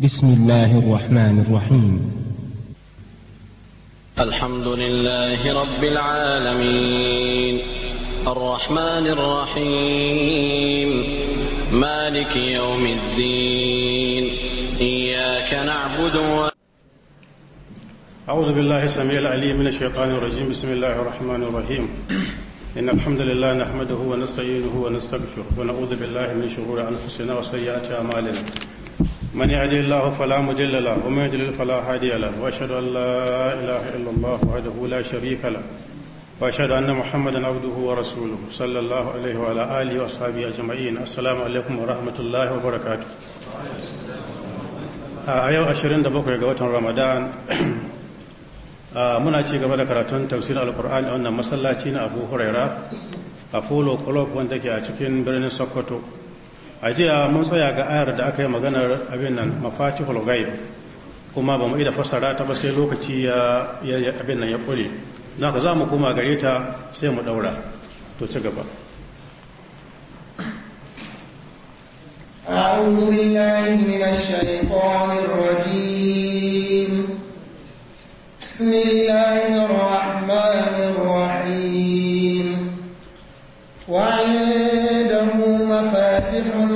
بسم الله الرحمن الرحيم الحمد لله رب العالمين الرحمن الرحيم مالك يوم الدين إياك نعبد و... أعوذ بالله السميع العليم من الشيطان الرجيم بسم الله الرحمن الرحيم إن الحمد لله نحمده ونستعينه ونستغفره ونعوذ بالله من شرور أنفسنا وسيئات أعمالنا من يهدي الله فلا مضل له ومن يضلل فلا هادي له واشهد ان لا اله الا الله وحده لا شريك له واشهد ان محمدا عبده ورسوله صلى الله عليه وعلى اله واصحابه اجمعين السلام عليكم ورحمه الله وبركاته a yau 27 ga watan ramadan muna ci gaba da karatun tafsir alkur'ani a wannan masallaci na abu huraira a folo club wanda ke a cikin birnin sokoto a jiya mun tsaya ga ayar da aka yi maganar abin nan mafaci ghaib kuma ba mu ida fassara ta ba sai lokaci ya abin nan ya kure na ka za mu koma gare ta sai mu ɗaura to ci gaba أعوذ بالله من الشيطان الرجيم بسم الله الرحمن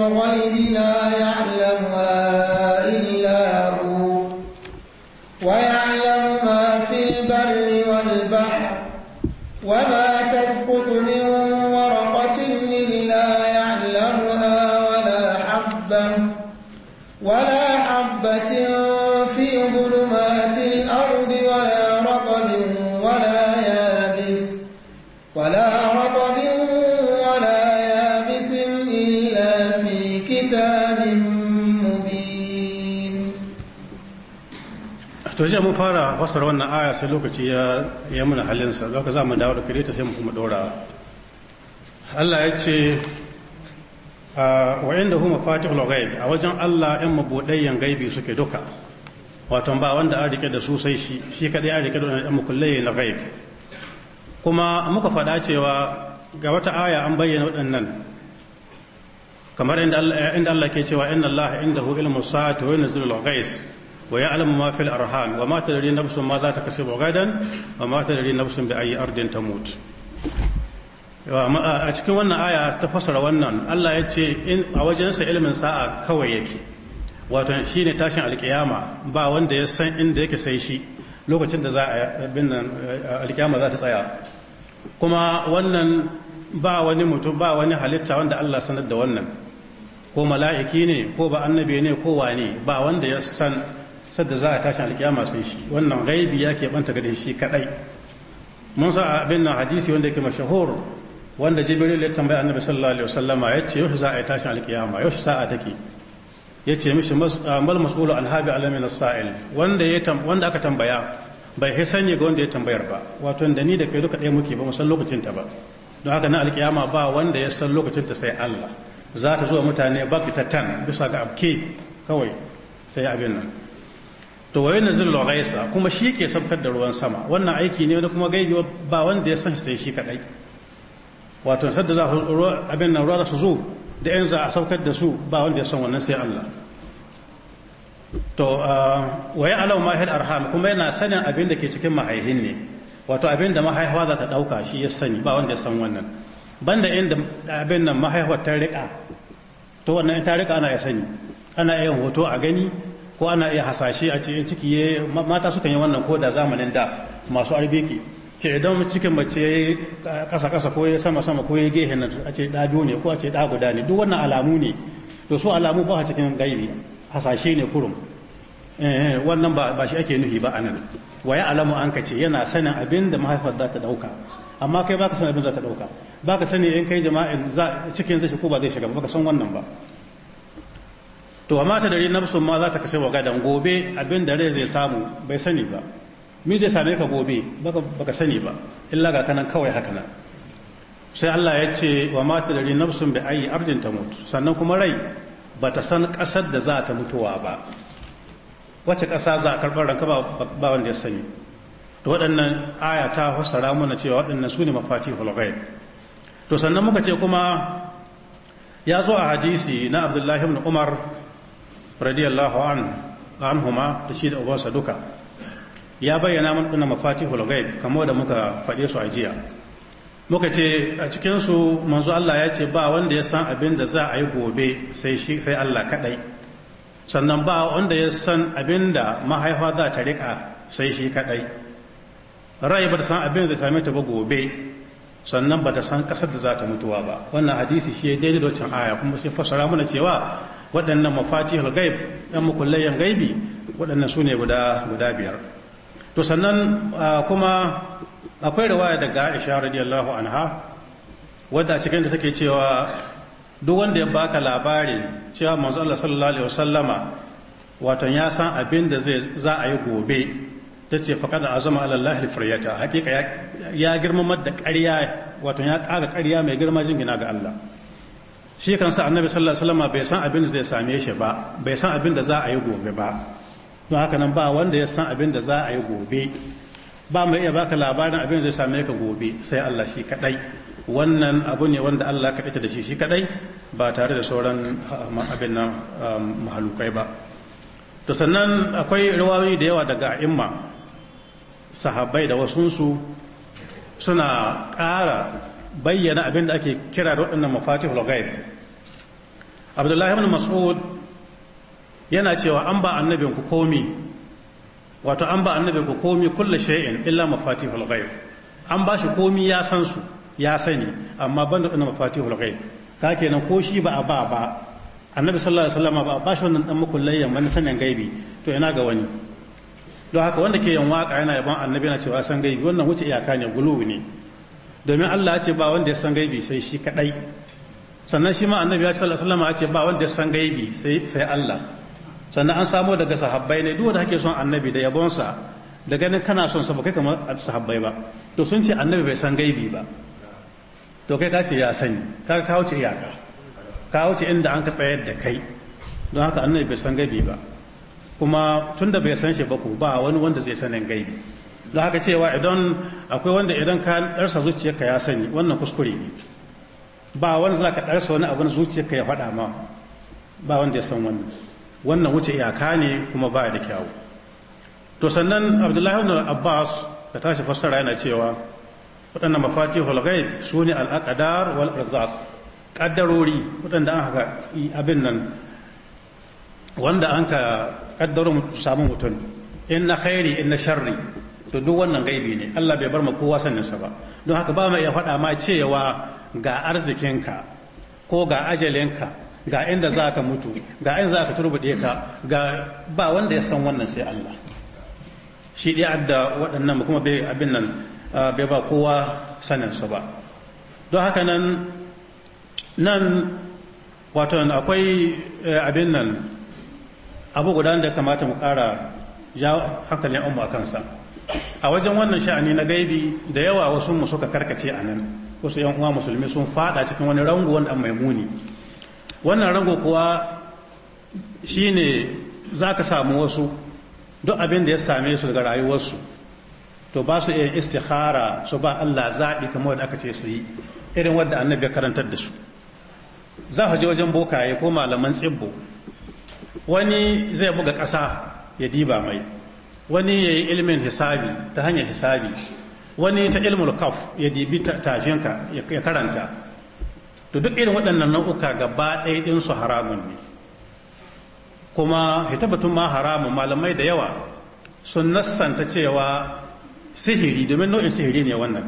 الغيب لا يعلم kitabin to jiya mun fara fasara wannan aya sai lokaci ya ya muna halinsa lokacin za mu dawo da kare ta sai mu kuma dora Allah ya ce wa inda hu mafatihul ghaib a wajen Allah ɗan mabudayyan gaibi suke duka wato ba wanda an rike da su sai shi shi kadai an rike da ɗan makullai na ghaib kuma muka faɗa cewa ga wata aya an bayyana waɗannan kamar eh, inda Allah ke cewa inna Allah indahu ilmu sa'ati wa yanzilul ghais wa ya'lamu ma fil arham wa ma tadri nafsun ma za ta kasibu gadan wa ma tadri nafsun bi ayi ardin tamut a cikin wannan aya ta fasara wannan Allah ya ce a wajensa ilmin sa'a kawai yake wato shine tashin alkiyama ba wanda ya san inda yake sai shi lokacin da za a bin nan alkiyama za ta tsaya kuma wannan ba wani mutum ba wani halitta wanda Allah sanar da wannan ko mala'iki ne ko ba annabi ne ko wane ba wanda ya san sadda za a tashin alkiyama sai shi wannan gaibi ya ke banta gare shi kadai mun sa abin nan hadisi wanda yake mashahur wanda jibril ya tambaya annabi sallallahu alaihi wasallama ya ce yau za a yi tashin alkiyama yau sa'a take ya ce mishi mal mas'ulu an habi alamin sa'il wanda ya wanda aka tambaya bai hi sani ga wanda ya tambayar ba wato da ni da kai duka ɗaya muke ba mu san lokacin ta ba don haka na alkiyama ba wanda ya san lokacin ta sai Allah za ta zuwa mutane tan bisa ga abke kawai sai abin nan to wayo na zillo gaisa kuma shi ke sabkar da ruwan sama wannan aiki ne wani kuma gaibi ba wanda ya san sai shi kadai wato da za abin nan ruwa su zo da yan za a saukar da su ba wanda ya san wannan sai Allah to ah, waya alau mahil arham kuma yana sanin abin da ke cikin mahaihin ne wato abin da mahaifa za ta dauka shi ya sani ba wanda ya san wannan banda inda abin nan mahaifar ta riƙa to wannan ta riƙa ana ya sani ana iya hoto a gani ko ana iya hasashe a cikin ciki mata sukan yi wannan ko da zamanin da masu arbeki ke idan cikin mace ya yi ƙasa-ƙasa ko ya sama-sama ko ya yi gehen a ce ɗa ne ko a ce ɗa guda ne duk wannan alamu ne to su alamu ba cikin gaibi hasashe ne kurum eh, wannan ba shi ake nufi ba anan waya alamu an ka ce yana sanin abin da mahaifar za ta ɗauka amma kai baka san abin za ta dauka baka sani in kai jama'in za cikin zai ko ba zai shiga baka san wannan ba to amma ta dare nafsun ma za ta kasai wa gadan gobe abin da rai zai samu bai sani ba mi zai same ka gobe baka sani ba illa ga kanan kawai haka nan sai Allah ya ce wa ma ta dare nafsun bi ayi ardin ta mutu sannan kuma rai ba ta san kasar da za ta mutuwa ba wacce kasa za a karɓar ranka ba wanda ya sani waɗannan aya ta fassara mana cewa waɗannan su ne mafati hulgai to sannan muka ce kuma ya zo a hadisi na abdullahi ibn umar radiyallahu an anhuma da shi da ubansa duka ya bayyana mana ɗana mafati hulghaib kamar da muka faɗe su a jiya muka ce a cikinsu manzo Allah ya ce ba wanda ya san abin da za a yi gobe sai shi sai Allah kaɗai sannan ba wanda ya san abin da mahaifa za ta riƙa sai shi kaɗai rai ba ta san abin da ta same ta ba gobe sannan ba ta san kasar da za ta mutuwa ba wannan hadisi shi daidai da wancan aya kuma sai fassara mana cewa waɗannan mafati halgaib ɗan mukullayen gaibi waɗannan su ne guda biyar to sannan kuma akwai riwaya daga Aisha radiyallahu anha wadda a cikin da take cewa duk wanda ya baka labarin cewa manzo Allah sallallahu alaihi wasallama wato ya san abin da za a yi gobe ta ce da azama ala Allah alfaryata hakika ya girmamar da ƙarya wato ya ƙara ƙarya mai girma jin gina ga Allah shi kan sa annabi sallallahu alaihi wasallam bai san abin da zai same shi ba bai san abin da za a yi gobe ba don haka nan ba wanda ya san abin da za a yi gobe ba mai iya baka labarin abin zai same ka gobe sai Allah shi kadai wannan abu ne wanda Allah ka da shi shi kadai ba tare da sauran um, abin nan um, mahalukai ba to sannan akwai riwayoyi da yawa daga imma sahabbai da wasunsu suna ƙara bayyana abin da ake kira da waɗannan mafatih ghaib abdullahi ibn mas'ud yana cewa an ba annabin ku komi wato an ba annabin ku komi kullu shay'in illa mafatih ghaib an ba shi komi ya san su ya sani amma ban da waɗannan mafatihul ghaib ka kenan ko shi ba a ba ba annabi sallallahu alaihi wasallam ba ba shi wannan dan mukullayyan wani sanin gaibi to ina ga wani don haka wanda ke yin waka yana yaban annabi yana cewa san gaibi wannan wuce iyaka ne gulu ne domin Allah ya ce ba wanda ya san gaibi sai shi kadai sannan shi ma annabi ya ce sallallahu alaihi wasallam ya ce ba wanda ya san gaibi sai sai Allah sannan an samo daga sahabbai ne duk wanda kake son annabi da yabonsa da ganin kana son sa ba kai kamar sahabbai ba to sun ce annabi bai san gaibi ba to kai ka ce ya sani ka kawo ce iyaka ka ce inda an ka tsayar da kai don haka annabi bai san gaibi ba kuma tun da bai san shi ba ku ba wani wanda zai sanin gaibi don haka cewa idan akwai wanda idan ka ɗarsa zuciyarka ya sani wannan kuskure ne ba wani za ka ɗarsa wani abin zuciyarka ya faɗa ma ba wanda ya san wannan wannan wuce iyaka ne kuma ba da kyau. to sannan abdullahi ibn abbas da tashi fassara yana cewa waɗannan mafati ghaib su ne aqdar wal arzaq kaddarori waɗanda aka abin nan wanda an ka kaddaro samu mutum in na khairi in na sharri to duk wannan gaibi ne Allah bai bar ma kowa sanin sa ba don haka ba mai ya faɗa ma cewa ga arzikinka ko ga ajalinka ga inda za ka mutu ga inda za ka turbuɗe ka ga ba wanda ya san wannan sai Allah shi dai adda waɗannan kuma bai abin nan bai ba kowa sanin sa ba don haka nan nan wato akwai eh, abin nan abu guda da kamata mu ƙara ja hankalin umma a kansa a wajen wannan sha'ani na gaibi da yawa wasu mu suka karkace a nan wasu yan uwa musulmi sun fada cikin wani rango wanda mai muni wannan rango kuwa shine za ka samu wasu duk abin da ya same su daga rayuwarsu to ba su iya istihara su ba Allah zaɓi kamar wanda aka ce su yi irin wadda annabi ya karantar da su za ka je wajen bokaye ko malaman tsibbo wani zai buga ƙasa ya diba mai wani ya yi ilmin hisabi ta hanyar hisabi wani ta ilmul kaf ya dibi tafinka ya karanta to duk irin waɗannan nau'uka gaba ɗaya ɗinsu haramun ne kuma hitabatun ma haramun malamai da yawa sun nassanta cewa sihiri domin nau'in sihiri ne wannan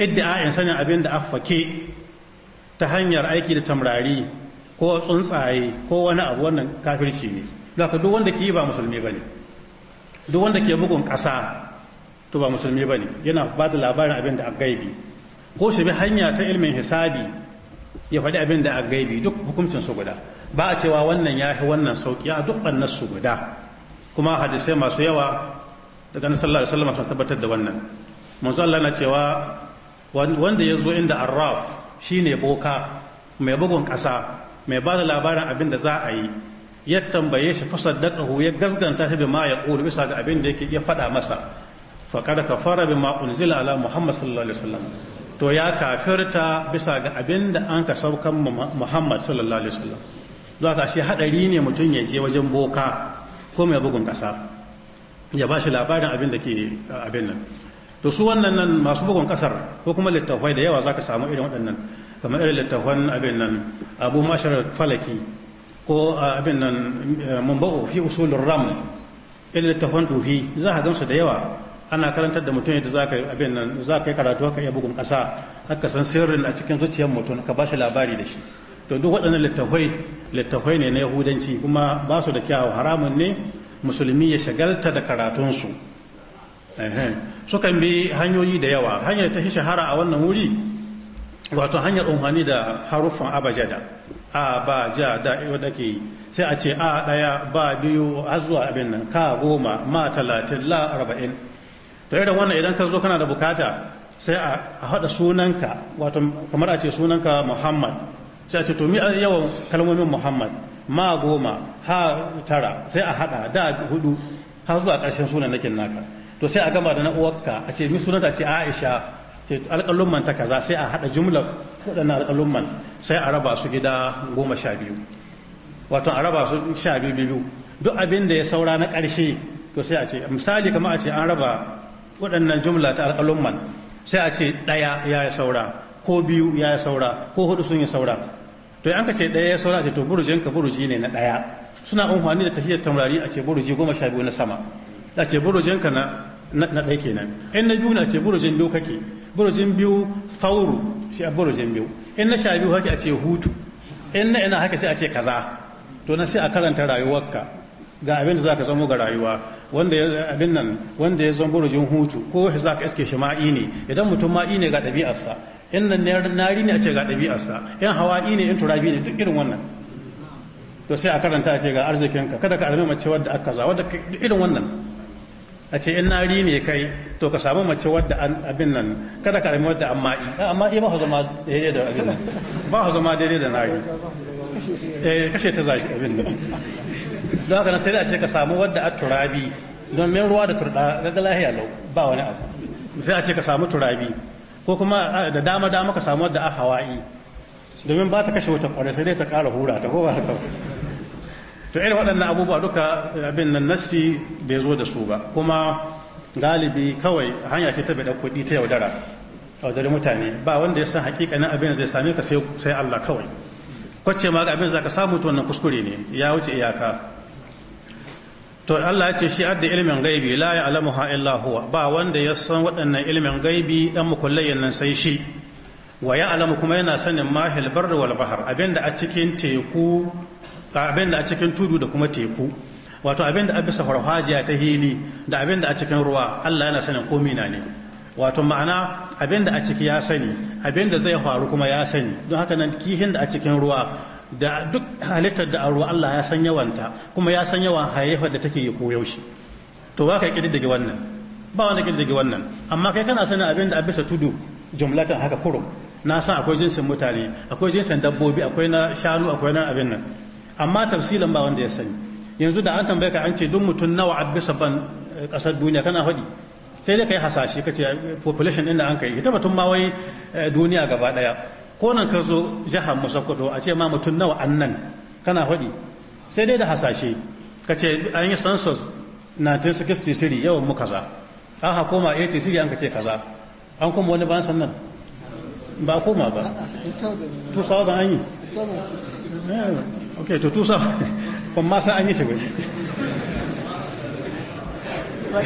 idda in sanin abin da afake ta hanyar aiki da tamrari ko tsuntsaye ko wani abu wannan kafirci ne haka duk wanda ke yi ba musulmi ba ne duk wanda ke bugun ƙasa to ba musulmi ba ne yana ba da labarin abin da a gaibi ko shi bi hanya ta ilmin hisabi ya faɗi abin da a gaibi duk hukuncin su guda ba a cewa wannan ya fi wannan sauƙi a duk ɓannan su guda kuma hadisai masu yawa daga na da salama sun tabbatar da wannan manzo Allah na cewa wanda ya zo inda arraf shine boka mai bugun ƙasa mai ba da labarin abin da za a yi ya tambaye shi fasaddaqahu ya gasganta shi ma ya ƙuri bisa ga abin da yake ya faɗa masa fara bi ma unzila ala muhammad sallallahu alaihi wasallam to ya kafirta bisa ga abin da an ka saukan muhammad sallallahu alaihi wasallam za ka shi haɗari ne mutum ya je wajen boka ko mai bugun ƙasa ya ba shi labarin abin da ke abin nan to su wannan nan masu bugun kasar ko kuma littafai da yawa za ka samu irin waɗannan kamar irin littafan abin nan abu mashar falaki ko abin nan eh, mumbau fi usulun ram irin littafan dufi za a gamsu da yawa ana karantar da mutum yadda za ka yi karatu haka iya bugun ƙasa haka san sirrin a cikin zuciyar mutum ka ba shi labari da shi to duk waɗannan littafai littafai ne na yahudanci kuma ba su da kyawu haramun ne musulmi ya shagalta da karatunsu sukan bi hanyoyi da yawa hanyar ta shahara a wannan wuri wato hanyar umarni da haruffan abajada a ba ja da wadda ke sai a ce a ɗaya ba biyu har zuwa abin nan ka goma ma talatin la arba'in to irin wannan idan ka zo kana da bukata sai a haɗa sunanka wato kamar a ce sunanka muhammad sai a ce to mi yawan kalmomin muhammad ma goma ha tara sai a haɗa da hudu har zuwa ƙarshen sunan nakin naka to sai a gama da na uwarka a ce mi sunanta ce aisha alƙalumman ta kaza sai a hada jumla waɗannan alƙalumman sai a raba su gida goma sha biyu wato a raba su sha biyu biyu duk abin da ya saura na ƙarshe to sai a ce misali kamar a ce an raba waɗannan jumla ta alƙalumman sai a ce ɗaya ya yi saura ko biyu ya yi saura ko hudu sun yi saura to an ka ce ɗaya ya saura ce to burujinka buruji ne na ɗaya suna amfani da tahiyar tamrari a ce buruji goma sha biyu na sama a ce burujinka na na ɗaya kenan in na biyu na ce burujin doka ke burjin biyu fauru shi a burjin biyu in na sha biyu haka a ce hutu in na ina haka sai a ce kaza to na sai a karanta rayuwarka ga abin da za ka zamo ga rayuwa wanda abin nan wanda ya zama burjin hutu ko shi za ka iske shi ma'i ne idan mutum ma'i ne ga ɗabi'arsa in na nari ne a ce ga ɗabi'arsa in hawa ne in turabi ne duk irin wannan to sai a karanta a ce ga arzikinka kada ka almi mace wadda aka za wadda irin wannan a ce in nari ne kai to ka samu mace wadda abin nan kada ka rami wadda amma i eh, amma i ba zama daidai da abin nan ba zama daidai da nari eh kashe ta zaki abin nan don haka sai a ce ka samu wadda a turabi don min ruwa da turda ga lahiya lau ba wani abu sai a ce ka samu turabi ko kuma da dama dama ka samu wadda a hawa'i domin ba ta kashe wuta kwarai sai dai ta kara hura ta ko ba haka to irin waɗannan abubuwa duka abin nan nassi bai zo da su ba kuma galibi kawai hanya ce ta bai kuɗi ta yaudara yaudari mutane ba wanda ya san hakikanin abin zai same ka sai Allah kawai kwace ma ga abin za ka samu to kuskure ne ya wuce iyaka to Allah ya ce shi adda ilimin gaibi la ha illa huwa ba wanda ya san waɗannan ilimin gaibi ɗan mukullayin nan sai shi wa alamu kuma yana sanin mahil barri wal bahr abinda a cikin teku abin da a cikin tudu da kuma teku wato abin da a bisa farfajiya ta hili da abin da a cikin ruwa Allah yana sanin komi na ne wato ma'ana abin da a ciki ya sani abin da zai faru kuma ya sani don haka nan kihin da a cikin ruwa da duk halittar da a ruwa Allah ya san yawanta kuma ya san yawan hayayyafar da take yi koyaushe to ba ka kididdige wannan ba wanda kididdige wannan amma kai kana sanin abin da a bisa tudu jumlatan haka kurum na san akwai jinsin mutane akwai jinsin dabbobi akwai na shanu akwai na abin nan amma tafsilin ba wanda ya sani yanzu da an tambaye ka an ce duk mutum nawa a bisa ban kasar eh, duniya kana faɗi sai dai ka yi hasashe ka ce population inda da an kai ita batun ma wai eh, duniya gaba daya ko nan ka zo jihar musakkwato a ce ma mutum nawa an nan kana faɗi sai dai da hasashe ka ce an yi census 1963 yawan mu kaza an ha koma 83 an ka ce kaza an kuma wani ban sannan ba koma ba 2000 an yi ok to tusa ban ma san an yi shi bai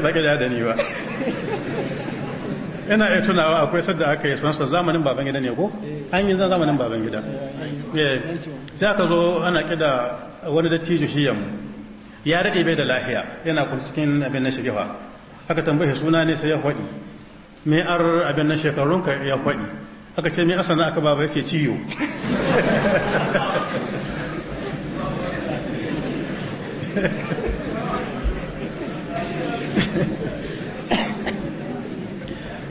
baki da ya da ni ba ina iya tunawa akwai sadda aka yi sansa zamanin baban gida ne ko an yi zamanin baban gida sai aka zo ana kida wani dattijo shi yamu ya daɗe bai da lahiya yana kun cikin abin na shigefa aka tambaye suna ne sai ya faɗi me ar abin na shekarunka ya faɗi aka ce me asana aka baba ya ce ciyo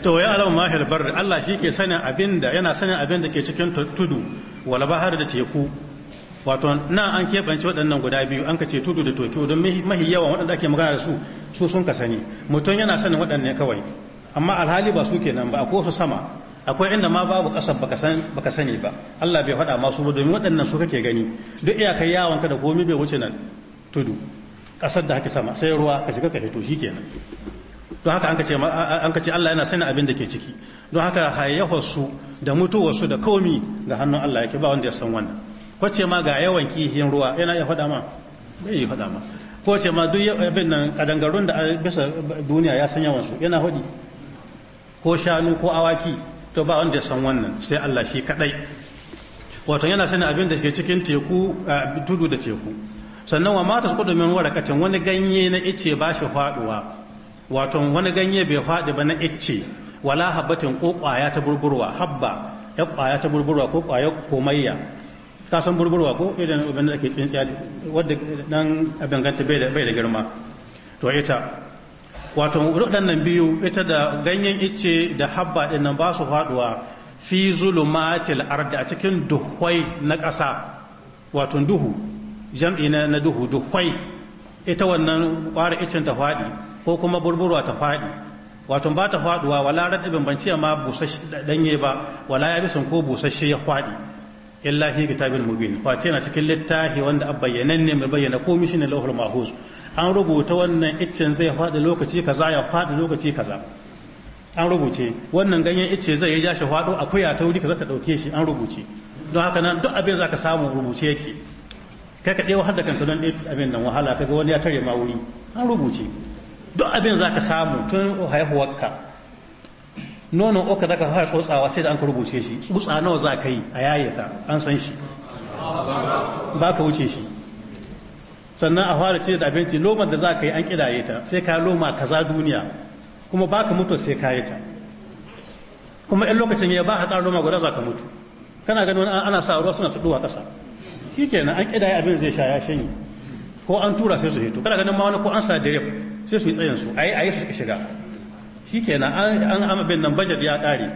to ya alamu mahir bar Allah shi ke sanin abin yana sanin abinda ke cikin tudu wala bahar da teku wato na an keɓance waɗannan guda biyu an ka ce tudu da toki don mahi yawan waɗanda ake magana da su su sun ka sani mutum yana sanin waɗannan kawai amma alhali ba su ke nan ba a wasu sama akwai inda ma babu ba baka sani ba Allah bai faɗa masu ba domin waɗannan su kake gani duk iyakar yawon ka da komi bai wuce nan tudu ƙasar da haka sama sai ruwa ka shiga ka fito shi kenan don haka an ka ce Allah yana sanin abin da ke ciki don haka hayyawarsu da mutuwarsu da komi ga hannun Allah yake ba wanda ya san wannan ko ce ma ga yawan kihin ruwa yana ya faɗa ma bai yi faɗa ma ko ce ma duk abin nan kadangarun da bisa duniya ya san yawansu yana faɗi ko shanu ko awaki to ba wanda ya san wannan sai Allah shi kadai wato yana sanin abin da ke cikin teku tudu da teku sannan wa mata su min warakatin wani ganye na ice ba shi faduwa wato wani ganye bai faɗi ba na ice wala habbatin ko kwaya ta burburwa habba ya kwaya ta burburwa ko kwaya komayya ka san burburwa ko idan ubin da ke tsintsiya wadda dan abin ganta bai da girma to ita wato nan biyu ita da ganyen ice da habba din nan ba su faɗuwa fi zulumatil ardi a cikin duhwai na ƙasa wato duhu jam'i na duhu dukwai ita wannan ƙwara icin ta faɗi ko kuma burburwa ta faɗi wato ba ta faɗuwa wala raɗaɓin ma ce ma ɗanye ba wala ya bisan ko busasshe ya faɗi illa hi kitabin mubin face na cikin littafi wanda a ne mai bayyana ko mishin lahul mahuz an rubuta wannan iccen zai faɗi lokaci kaza ya faɗi lokaci kaza an rubuce wannan ganyen icce zai ya jashi shi faɗo akuya ta wuri kaza ta dauke shi an rubuce don haka nan duk abin za ka samu rubuce yake kai ka ɗewa hadda kanka don abin nan wahala ga wani ya tare ma wuri an rubuce duk abin za ka samu tun haihuwarka nonon oka za ka fara tsotsawa sai da an ka rubuce shi tsutsa nawa za ka yi a yayyaka an san shi ba ka wuce shi sannan a fara ce da abinci lomar da za ka yi an kidaye ta sai ka loma kaza duniya kuma ba ka mutu sai ka yi ta kuma in lokacin ya ba ka ƙara loma gwada za ka mutu kana ganin ana sa ruwa suna taɗuwa ƙasa shi kenan an ƙidaya abin zai sha ya shanye ko an tura sai su hito kada ganin ma wani ko an sa direb sai su yi tsayin su a yi su yi shiga shi kenan an an abin nan bajet ya ƙare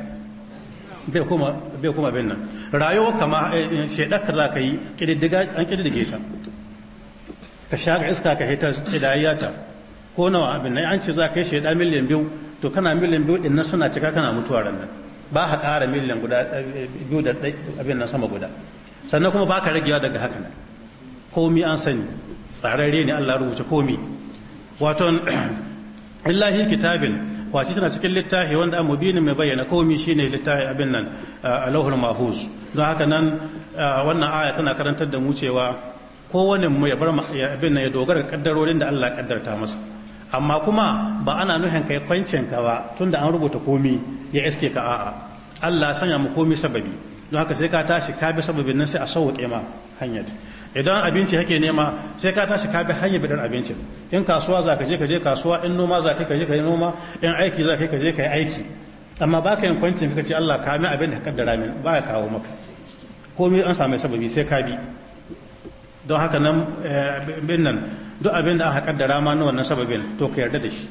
bai kuma abin nan rayuwa kama eh, eh, shaidar ka za ka yi ƙididdiga an ƙididdige ta ka shaga iska ka hita ƙidayya ta ko nawa abin nan an ce za ka yi shaida miliyan biyu to kana miliyan biyu ɗin nan suna cika kana mutuwa ran nan ba ka ƙara miliyan guda eh, biyu da abin nan sama guda sannan kuma ba ka ragewa daga haka nan komi an sani tsararre ne Allah rubuta komi waton illahi kitabin wace tana cikin littafi wanda an mubinin mai bayyana komi shine littafi abin nan alauhul mahus don haka nan wannan aya tana karantar da mu cewa kowane mu ya bar abin nan ya dogara ga kaddarorin da Allah kaddarta masa amma kuma ba ana nuhin kai kwancin ka ba tunda an rubuta komi ya iske ka a'a Allah sanya mu komi sababi don haka sai ka tashi ka bi sababin nan sai a sauwaƙe ma hanyar idan abinci hake nema sai ka tashi ka bi hanyar bidan abincin in kasuwa za ka je ka je kasuwa in noma za ka je ka yi noma in aiki za ka je ka yi aiki amma ba ka yin kwancin ka ce Allah ka mi abin da ka kaddara min ba ya kawo maka komai an samu sababi sai ka bi don haka nan eh, bin nan duk abin da aka kaddara ma na wannan sababin to ka yarda da shi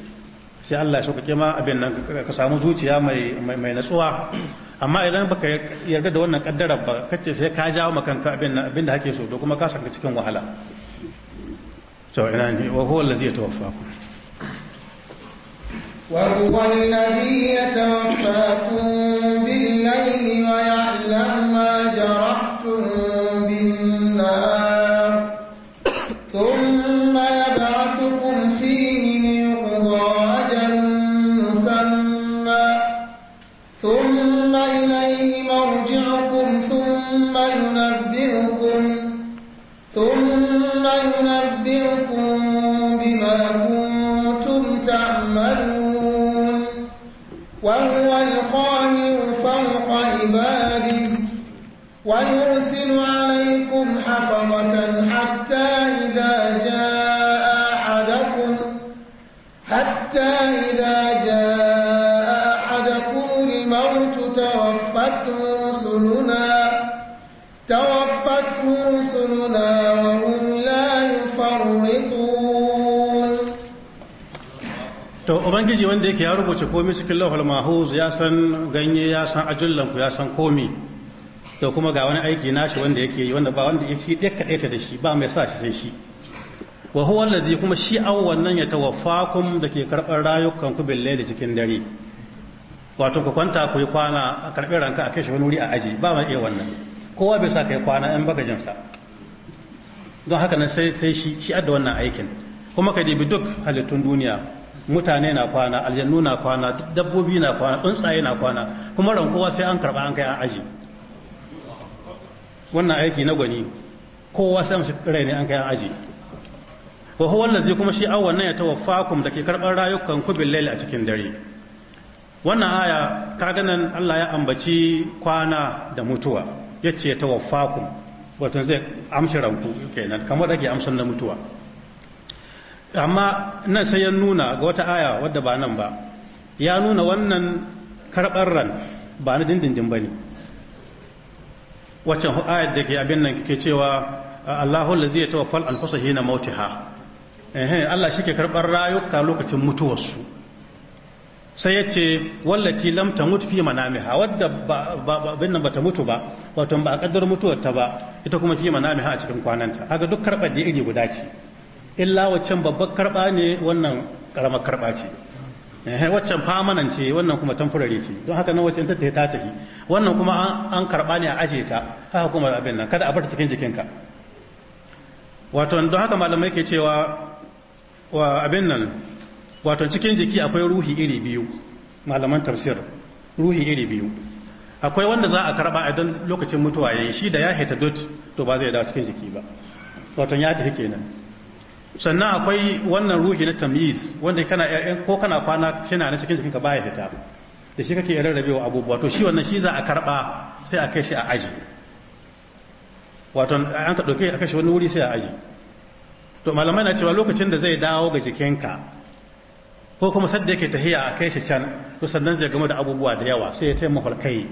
sai Allah ya sauƙaƙe ma abin nan ka samu zuciya mai natsuwa amma idan baka yarda da wannan kaddara ba kace sai ka jawo ma kanka abin da hake so to kuma ka saka cikin wahala to ina ne wa huwa allazi yatawaffaku wa huwa allazi yatawaffaku ويرسل عليكم حفظة حتى إذا جاء أحدكم حتى إذا جاء أحدكم الموت توفته رسلنا توفته رسلنا وهم لا يفرطون to ubangiji wanda yake ya rubuce komai cikin lahul mahuz ya san ganye ya san ajullanku ya san komi. to kuma ga wani aiki nashi wanda yake yi wanda ba wanda ya shi ɗaya da shi ba mai sa shi sai shi wa huwa alladhi kuma shi an wannan ya tawaffakum da ke karɓar rayukan ku bil layli cikin dare wato ku kwanta ku yi kwana a karɓi ranka a kai shi wani wuri a aji ba mai iya wannan kowa bai sa kai kwana in baka jinsa don haka nan sai sai shi shi adda wannan aikin kuma ka dibi duk halittun duniya mutane na kwana aljannu na kwana dabbobi na kwana tsuntsaye na kwana kuma ran kowa sai an karɓa an kai an aji wannan aiki na gwani kowa sai mashi rai ne an kai an aji wa huwa allazi kuma shi nan ya tawaffakum da ke karban rayukan ku bil a cikin dare wannan aya kaga nan Allah ya ambaci kwana da mutuwa yace ya tawaffakum wato zai amshi ranku kenan kamar ake amsan na mutuwa amma nan sai ya nuna ga wata aya wadda ba nan ba ya nuna wannan karɓar ran ba na dindindin bane ne wacce ayar da ke abin nan ke cewa Allahu lazi ya tawaffal anfusa hina eh Allah ke karɓar rayuka lokacin mutuwarsu sai yace ce wallati lam tamut fi manamiha wadda ba bin nan ta mutu ba wato ba a kaddar mutuwar ta ba ita kuma fi manamiha a cikin kwananta haka duk karbar da iri guda ce illa waccan babbar karba ne wannan karamar karba ce Eh, waccan famanan ce wannan kuma tamfurare ce don haka nan waccan ta ta tafi wannan kuma an karɓa ne a aje ta haka kuma abin nan kada a bar cikin jikinka wato don haka malamai ke cewa wa abin nan wato cikin jiki akwai ruhi iri biyu malaman tafsir ruhi iri biyu akwai wanda za a karɓa idan lokacin mutuwa ya yi shi da ya heta dot to ba zai dawo cikin jiki ba wato ya tafi kenan sannan akwai wannan ruhi na tamyiz wanda kana ko kana kwana shina na cikin jikinka baya fita da shi kake rarrabewa abubuwa to shi wannan shi za a karba sai a kai shi a aji wato an ka dauke a kashe wani wuri sai a aji to malamai na cewa lokacin da zai dawo ga jikinka ko kuma sadda yake tahiya a kai shi can to sannan zai gama da abubuwa da yawa sai ya taimaka kai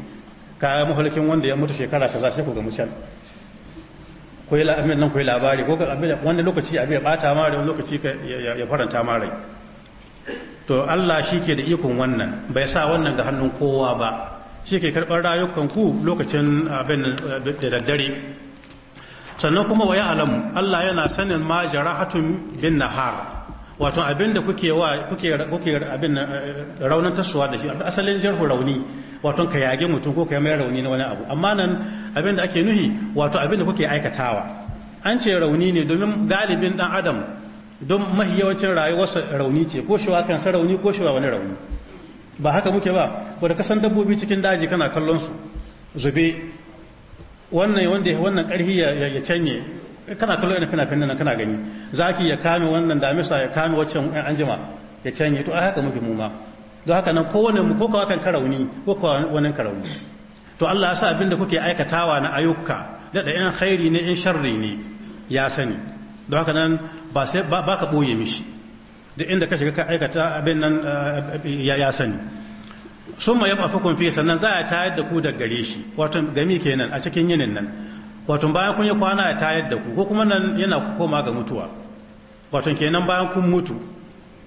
ka mahalkin wanda ya mutu shekara kaza sai ku gamu can ko yi abin nan ko labari ko abin wani lokaci abin ya bata ma ya faranta ma to Allah shi ke da ikon wannan bai sa wannan ga hannun kowa ba shi ke karɓar rayukan ku lokacin abin da daddare sannan kuma waya alamu Allah yana sanin ma jarahatun bin nahar wato abin da kuke wa kuke kuke abin eh, raunin tasowa da shi asalin jarhu rauni wato ka yage mutum ko ka mai rauni na wani abu amma nan abin da ake nuhi wato abin da kuke aikatawa an ce rauni ne domin galibin dan adam don mahi yawancin rayuwarsa rauni ce ko shi kan kansa rauni ko wa wani rauni ba haka muke ba wanda kasan dabbobi cikin daji kana kallon su zube wannan wanda wannan karhi ya canye kana kallo ina fina-finan kana gani zaki ya kame wannan misa ya kame waccan anjima ya canye to ai haka muke mu ma don haka nan kowane mu ko kawakan karauni ko kawakan karauni to Allah ya sa abin da kuke aikatawa na ayyuka da da yan khairi ne in sharri ne ya sani don haka nan ba sai ba ka boye mishi da inda ka shiga ka aikata abin nan eh, ya sani sun ma fi sannan za a tayar da ku daga gare shi wato gami kenan a cikin yinin nan wato bayan kun yi kwana ya tayar da ku ko kuma nan yana koma ga mutuwa wato kenan bayan kun mutu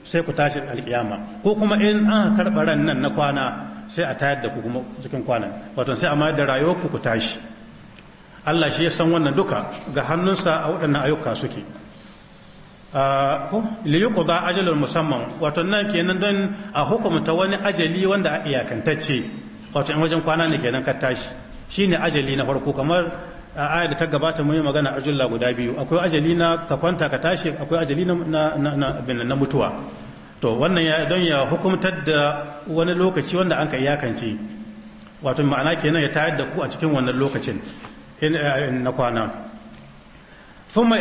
sai ku tashi alkiyama ko kuma in an karɓa ran nan na kwana sai a tayar da ku kuma cikin kwanan wato sai a mayar da rayuwarku ku tashi Allah shi ya san wannan duka ga hannunsa a waɗannan ayyuka suke ah, liyuku da ajalin musamman wato nan kenan don a hukumta wani ajali wanda a iyakantacce wato in wajen kwana ne kenan ka tashi shine ajali na farko kamar a aya da ta gabata mun yi magana arjulla guda biyu akwai ajali na ka kwanta ka tashi akwai ajali na mutuwa to wannan ya don ya hukumtar da wani lokaci wanda an ka iyakance wato ma'ana kenan ya tayar da ku a cikin wannan lokacin na kwana thumma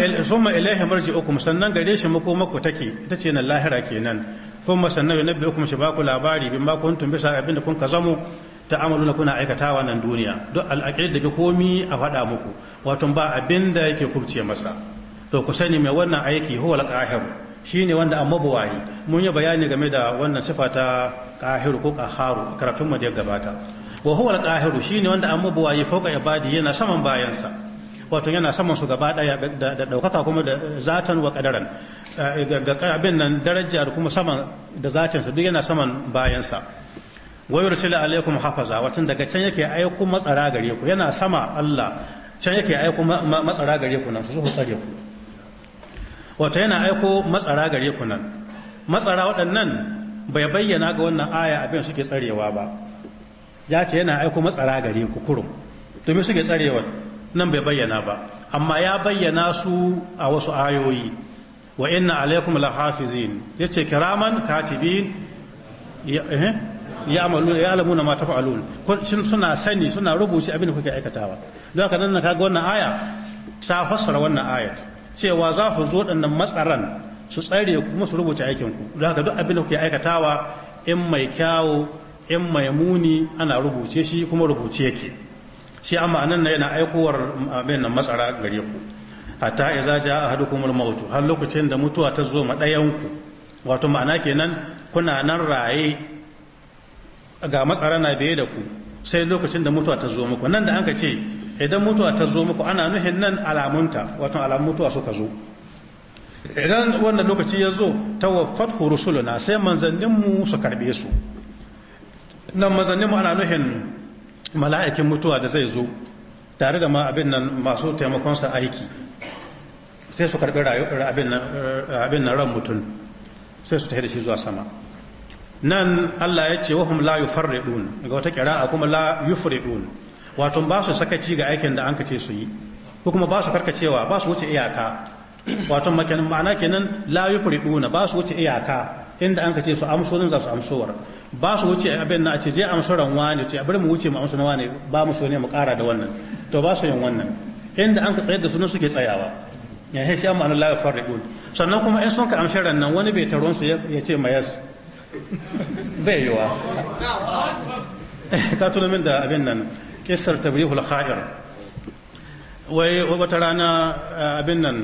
ilaihi marji'ukum sannan gare shi makomaku take ita ce nan lahira kenan thumma sannan yunabbi'ukum shi ba labari bin ba kuntum bisa abin da kun ka zamo ta'amaluna kuna aikata wannan duniya duk al'aqid da komi a faɗa muku wato ba abin da yake kubce masa to ku sani mai wannan aiki huwa al-qahir shine wanda amma ba wayi mun yi bayani game da wannan sifa ta qahir ko qaharu karatun mu da gabata wa huwa al-qahir shine wanda amma bawayi fauka ibadi yana saman bayansa wato yana saman su gaba daya da daukaka kuma da zatan wa qadaran eh, ga abin nan daraja da kuma saman da zatan su duk yana saman bayansa wa yursilu alaikum hafaza watan daga can yake aiko matsara gare ku yana sama Allah can yake aiko matsara gare ku nan su zuwa tsare ku Wata yana aiko matsara gare ku nan matsara waɗannan bai bayyana ga wannan aya abin suke tsarewa ba ya ce yana aiko matsara gare ku kurum domin suke tsarewa nan bai bayyana ba amma ya bayyana su a wasu ayoyi wa inna alaikum lahafizin yace kiraman katibin eh? ya ya'lamuna ma taf'alun kun suna sani suna rubuci abin da kuke aikatawa don haka nan kaga wannan aya ta fassara wannan ayat cewa za ku zo dannan matsaran su tsare ku kuma su rubuta aikin ku don haka duk abin da kuke aikatawa in mai kyawu in mai muni ana rubuce shi kuma rubuce yake shi amma nan yana aikowar abin nan matsara gare ku hatta idza jaa ahadukumul maut har lokacin da mutuwa ta zo ma ɗayan ku wato ma'ana kenan kuna nan raye ga matsara na biye da ku sai lokacin da mutuwa ta zo muku nan da an ka ce idan mutuwa ta zo muku ana nuhin nan alamunta wato alamun mutuwa suka zo idan wannan lokaci ya zo ta wafat rusuluna sai manzanninmu su karbe su nan manzanninmu ana nuhin mala'ikin mutuwa da zai zo tare da ma abin nan masu taimakonsa aiki sai su karbi eh, abin nan ran mutum sai su tafi da shi zuwa sama nan Allah ya ce wa hum la yufarridun daga wata a kuma la yufridun wato ba su sakaci ga aikin da an kace su yi ko kuma ba su karkacewa ba su wuce iyaka wato makanin ma'ana kenan la yufriduna ba su wuce iyaka inda an kace su amsonin za su amsowar ba su wuce abin na a ce je amsoran wani ce abin mu wuce mu amsoran wani ba mu so ne mu kara da wannan to ba su yin wannan inda an ka tsayar da sunan suke tsayawa ya shi amma la yufridun sannan kuma in sun ka amsharan nan wani bai taron su ya ce mayas bai yiwa eh, ka tuna min da abin nan kisar tabrihul kha'ir wai wata rana eh, abin nan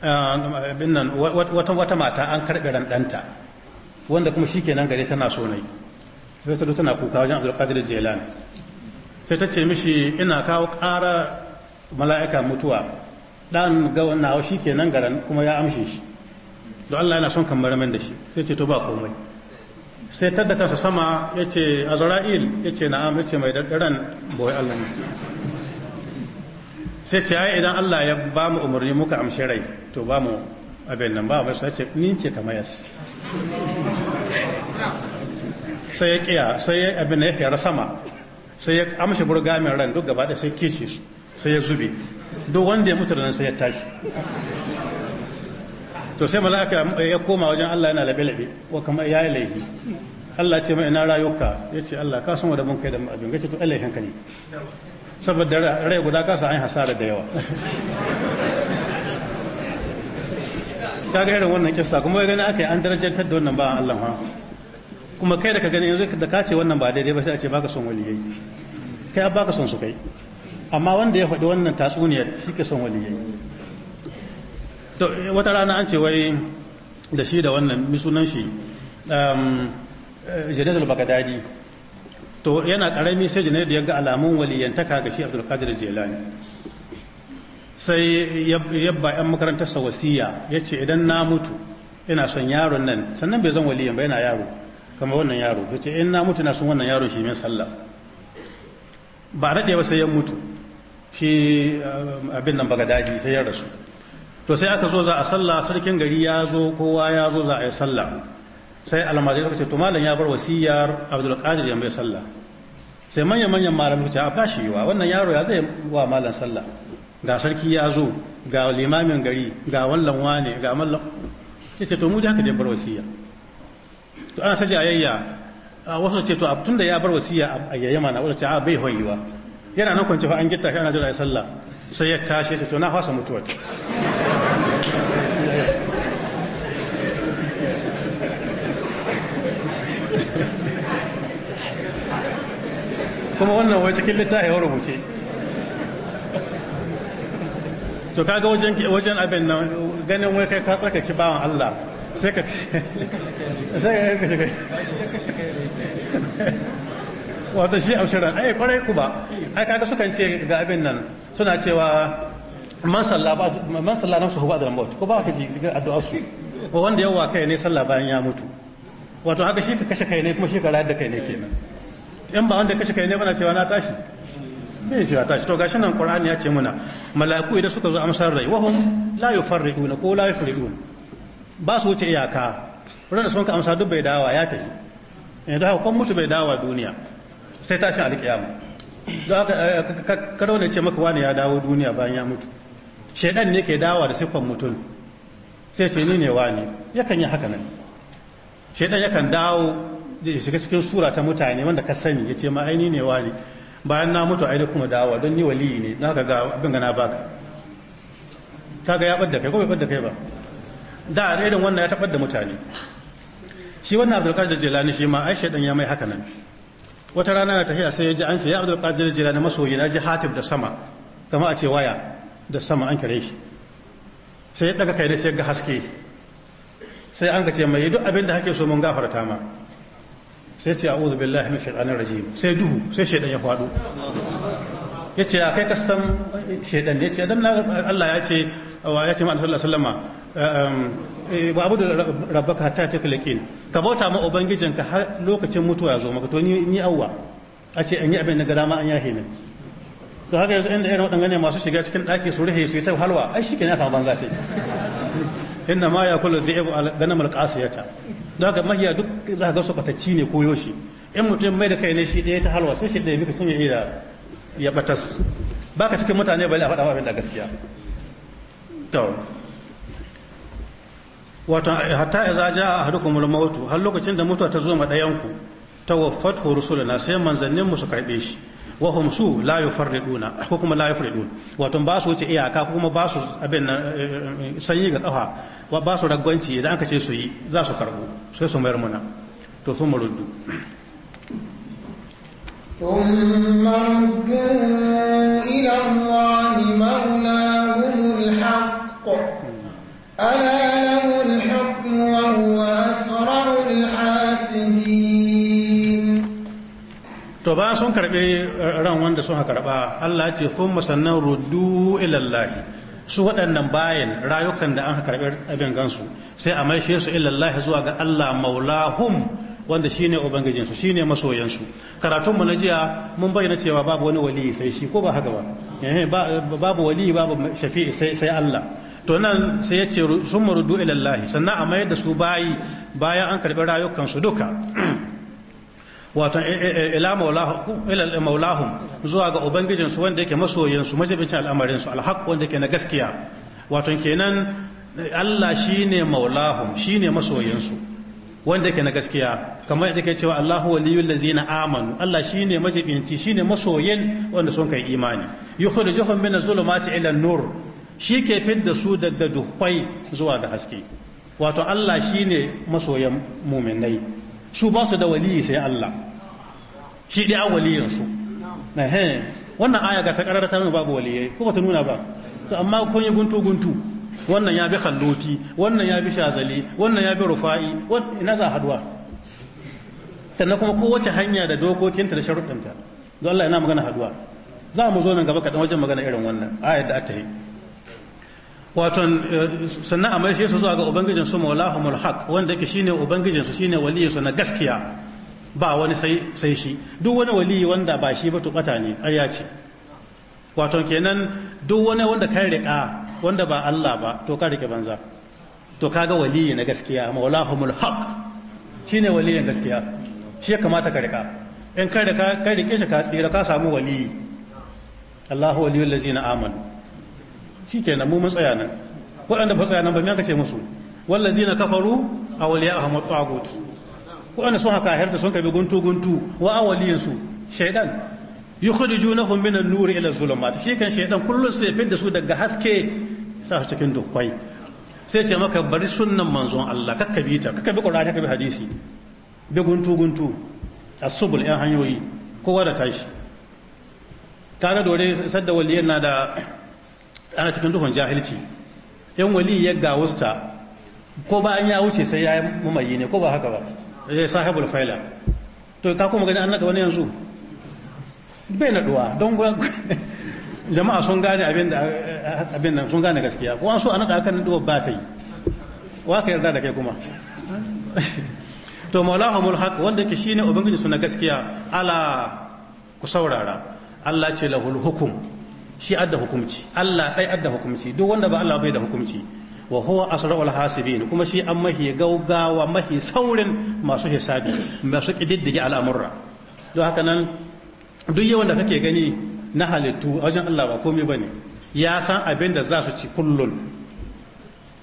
eh, abin nan wata wata mata an karbe ran danta wanda kuma shikenan gare tana so nai sai ta tana kuka wajen Abdul Qadir Jilani sai ta ce mishi ina kawo ƙara mala'ika mutuwa dan ga nawa shikenan garan kuma ya amshe shi don Allah yana son kan maramin da shi sai ce to ba komai sai tadda kansa sama ya ce azra'il ya ce na ya ce mai daɗaran boye allah ne sai ce ai idan allah ya ba mu umarni muka amshi rai to ba mu abin nan ba mai sai ce ni ce kamar yas sai ya kiya sai ya abin da ya kera sama sai ya burga mai ran duk gaba da sai kishi sai ya zubi duk wanda ya mutu da nan sai ya tashi to sai mala'ika ya koma wajen Allah yana labe-labe ko kamar ya yi laifi Allah ce mai ina rayuka ya ce Allah ka sun wanda mun kai da abin gace to Allah hanka ne saboda rai guda ka sa an hasara da yawa ka ga irin wannan kissa kuma ya gani aka yi an darajantar da wannan ba Allah ha kuma kai da ka gani yanzu da ka ce wannan ba daidai ba sai a ce baka son waliyai kai baka son su kai amma wanda ya faɗi wannan tatsuniyar shi ka son waliyai to wata rana an ce wai da shi da wannan misunan shi um, eh, al bagadadi to yana karami sai janar ya ga alamun waliyantaka ga shi abdulkadir jelani sai yabba yan makarantar sa wasiya ya ce idan na mutu ina son yaron nan sannan bai zan waliyan ba yana yaro kamar wannan yaro ya ce in na mutu na son wannan yaro shi min sallah ba a daɗe ba sai ya mutu shi eh, abin nan bagadadi sai ya rasu to sai aka zo za a sallah sarkin gari ya zo kowa ya zo za a yi sallah sai almajirai suka ce to malam ya bar wasiyar abdul qadir ya mai sallah sai manyan manyan malamai suka ce a bashi yiwa wannan yaro ya zai wa malam sallah ga sarki ya zo ga limamin gari ga wallan wane ga mallan sai ce to mu da haka dai bar wasiya to ana ta ji ayayya wasu ce to tun da ya bar wasiya a yayyama na wata ce a bai hoyiwa yana nan kwance fa an gitta shi ana jira ya sallah sai ya tashi sai to na fasa mutuwa kuma wannan wai cikin littafi ya rubuce to kaga wajen wajen abin nan ganin wai kai ka tsarkake bawan Allah sai ka sai ka shiga wato shi a shirin ai eh, kwarai ku ba ai kaga sukan ce ga abin nan suna cewa man sallah ba man sallah nan su ba da maut ko ba ka ji addu'a su ko wanda yawa kai ne sallah bayan ya mutu wato haka shi ka kashe kai ne kuma shi ka rayar da kai ne kenan in ba wanda kashe kai ne bana cewa na tashi bai cewa tashi to gashi nan qur'ani ya ce muna mala'iku idan suka zo amsar rai wahum la yufarriquna ko la yufriquna ba su wuce iyaka ran sun ka amsa duk bai dawa ya tafi idan eh, haka kon mutu bai dawa duniya sai tashin alƙiyama don haka eh, kada wani ce maka wani ya dawo duniya bayan ya mutu shaidan ne ke dawa da siffan mutum sai ce ni ne wani yakan yi haka nan shaidan yakan dawo da shiga cikin sura ta mutane wanda ka sani ya ce ma aini ne wani bayan na mutu aini kuma dawa don ni waliyi ne don haka ga abin gana baka ta ga ya da kai ko bai da kai ba da irin wannan ya taɓar da mutane shi wannan abdulkadir da jelani shi ma ai shaidan ya mai haka nan wata rana na tafiya sai ya ji an ce ya abdul qadir na masoyi na ji hatib da sama kama a ce waya da sama an kare shi sai ya daga kai sai ga haske sai an ce mai duk abin da hake so mun gafarta ma sai ce a'udhu billahi min shaitanir rajim sai duhu sai shaidan ya faɗo yace a kai kasan shaidan ne ce dan Allah ya ce wa ya ce ma'ana sallallahu alaihi wasallama eh, eh, eh, wa abu da rabbaka hatta ta kulakin ka bauta ma ubangijinka har lokacin mutuwa ya zo maka to ni ni awwa a ce an yi abin da ga dama an yahe min to haka yanzu inda irin waɗanda ne masu shiga cikin ɗaki su rihe su yi ta halwa ai shi ke ne na samu banza ta inna ma ya kula da ibu ganamar ƙasiyata don haka mahiya duk za ka ga su ɓatacci ne ko yoshi in mutum mai da kai ne shi ɗaya ta halwa sai shi ɗaya mika sun yi ya ɓatas ba ka cikin mutane bale a faɗa abin da gaskiya to wato hatta a jaa ahadukumul mautu har lokacin da mutuwa ta zo ma dayan ku tawaffathu na sai manzannin mu su karɓe shi wa hum su la ɗuna, ko kuma la yufridun wato ba su wuce iyaka ko kuma ba su abin eh, eh, eh, sanyi ga kafa wa ba su ragwanci idan aka ce su yi za su karɓo, sai su mayar muna to sun maruddu ثم ردوا إلى الله الحق ألا له وهو أسرع الحاسبين to ba sun karɓi ran wanda suka karba Allah ce sun musannan ruddu ilallahi su waɗannan bayan rayukan da an karɓi abin gansu sai a maishe su ilallahi zuwa ga Allah maulahum wanda shine ubangijinsu shine masoyansu karatun mu na jiya mun bayyana cewa babu wani wali sai shi ko ba haka ba eh, babu wali babu shafi'i sai sai Allah to nan sai ya ce sun marudu ilallahi sannan a mayar da su bayi bayan an karɓi rayukansu duka wato ila maulahum zuwa ga ubangijinsu wanda yake masoyinsu majibicin al'amarinsu alhaq wanda yake na gaskiya wato kenan allah shine maulahum ne masoyinsu wanda yake na gaskiya kamar yadda kai cewa Allahu waliyul ladzina amanu Allah shine shi ne masoyin wanda sun kai imani yukhrijuhum min az-zulumati ila an-nur shi ke fidda su daga dukkai zuwa ga haske wato Allah shi ne masoyan muminai su ba su da waliyi sai Allah shi dai an waliyansu wannan aya ga ta ƙararra ta nuna babu waliyai ko ba ta nuna ba to amma kun yi guntu guntu wannan ya bi halloti wannan ya bi shazali wannan ya bi rufa'i ina za a haduwa sannan kuma kowace hanya da dokokinta da sharuɗinta don Allah yana magana haduwa za mu zo nan gaba kaɗan wajen magana irin wannan ayar da ta yi waton eh, sannan a mai su zuwa ga ubangijin su Maulahu Mulhaq wanda yake shine ubangijin su shine waliyin su na gaskiya ba wani sai shi duk wani waliyi wanda ba shi ba to bata ne ƙarya ce waton kenan duk wani wanda kai riƙa wanda ba Allah ba to ka riƙe banza to kaga waliyi na gaskiya Maulahu Mulhaq shine waliyin gaskiya shi ya kamata ka riƙa in ka riƙe shi ka tsira ka samu waliyi Allahu waliyul ladzina amanu shikenan mu mun tsaya nan waɗanda ba tsaya ba aka ce musu na kafaru awliya'ahum at-taghut waɗanda sun haka harta sun kabi guntu guntu wa awliyin su shaydan yukhrijunahum min an-nur ila zulumat shi kan shaydan kullun sai fitar da su daga haske sa su cikin dukkai sai ce maka bari sunnan manzon Allah kakka bi ta kakka bi qur'ani kakka bi hadisi bi guntu guntu asubul yan hanyoyi kowa da tashi kaga dore sadda waliyan na da ana cikin duhun jahilci yan wali ya ga wusta ko ba an ya wuce sai ya yi mamayi ne ko ba haka ba ya eh, sahibul faila to ka kuma gani an naɗa wani yanzu bai naduwa don jama'a sun gane abin nan sun gane gaskiya ko an so a naɗa akan naɗuwa ba ta yi wa ka yarda da kai kuma to maulahu mulhaq wanda yake shine ubangiji suna gaskiya ala ku saurara Allah ce lahul hukum shi adda hukumci Allah ɗai adda hukumci duk wanda ba Allah bai da hukumci wa huwa asra'ul hasibin kuma shi an mahi gaugawa mahi saurin masu hisabi masu kididdige al'amurra don haka nan duk yawan da kake gani na halittu a wajen Allah ba komai bane ya san abin da za su ci kullun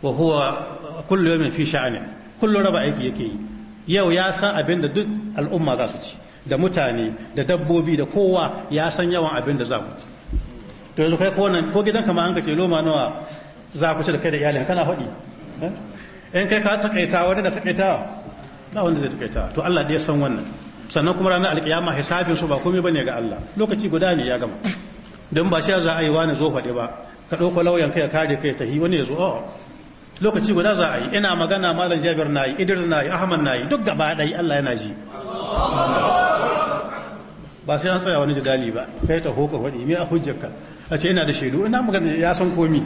wa huwa kullu yawmin fi sha'ani kullu raba aiki yake yi yau ya san abin da duk al'umma za su ci da mutane da dabbobi da kowa ya san yawan abin da za ku ci to yanzu kai ko ko gidan kama an gace loma nawa za ku ci da kai da iyalin kana faɗi eh? in kai ka takaita wani da takaitawa ba wanda zai takaita to Allah da ya san wannan sannan kuma ranar alkiyama hisabin su ba komai bane ga Allah lokaci guda ne ya gama don ba shi za a yi wani zo faɗi ba ka ɗauko lauyan kai ya kare kai ta hi wani ya zo oh lokaci guda za a yi ina magana malam jabir na yi idris na yi ahmad na yi duk gaba ɗaya Allah yana ji ba sai an tsaya wani jidali ba kai ta hoka faɗi me a hujjarka a ce ina da shaidu ina magana ya san komi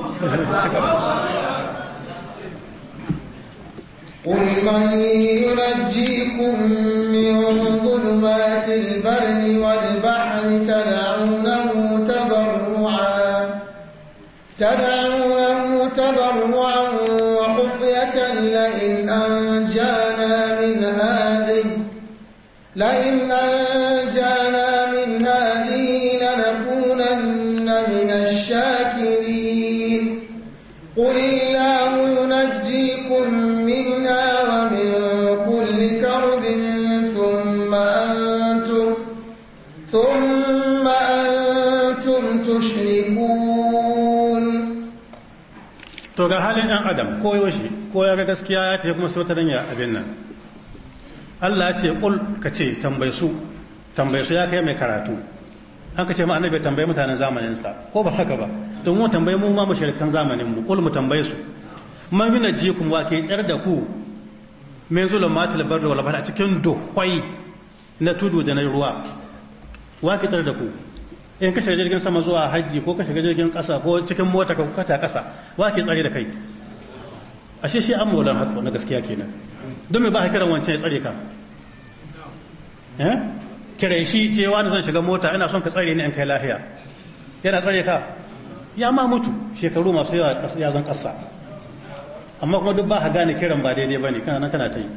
قل من ينجيكم من ظلمات البر والبحر تدعونه تبرعا تدعونه تبرعا وخفية لئن أنجانا من هذه لئن to ga halin ɗan adam ko yaushe ko ya ga gaskiya ya tafi kuma sautar ta ya abin nan Allah ce kul ka ce tambayi su ya kai mai karatu an ka ce ma annabi tambayi mutanen zamanin sa ko ba haka ba don mu tambayi mu ma mushrikan zamanin mu kul mu tambayi su man yuna jikum wa ke tsar da ku min zulumatil barri wal bahri a cikin duhwai na tudu da na ruwa wa ke tsar da ku in ka shiga jirgin sama zuwa hajji ko ka shiga jirgin kasa ko cikin mota ka kata kasa wa ke tsare da kai ashe shi an maulan hakko na gaskiya kenan don me ba ka kiran wancan ya tsare ka eh? kira shi ce wani zan shiga mota ina son ka tsare ni in kai lahiya yana tsare ka ya ma mutu shekaru masu yawa ya zan kasa amma kuma duk ba ka gane kiran ba daidai bane kana nan kana ta yi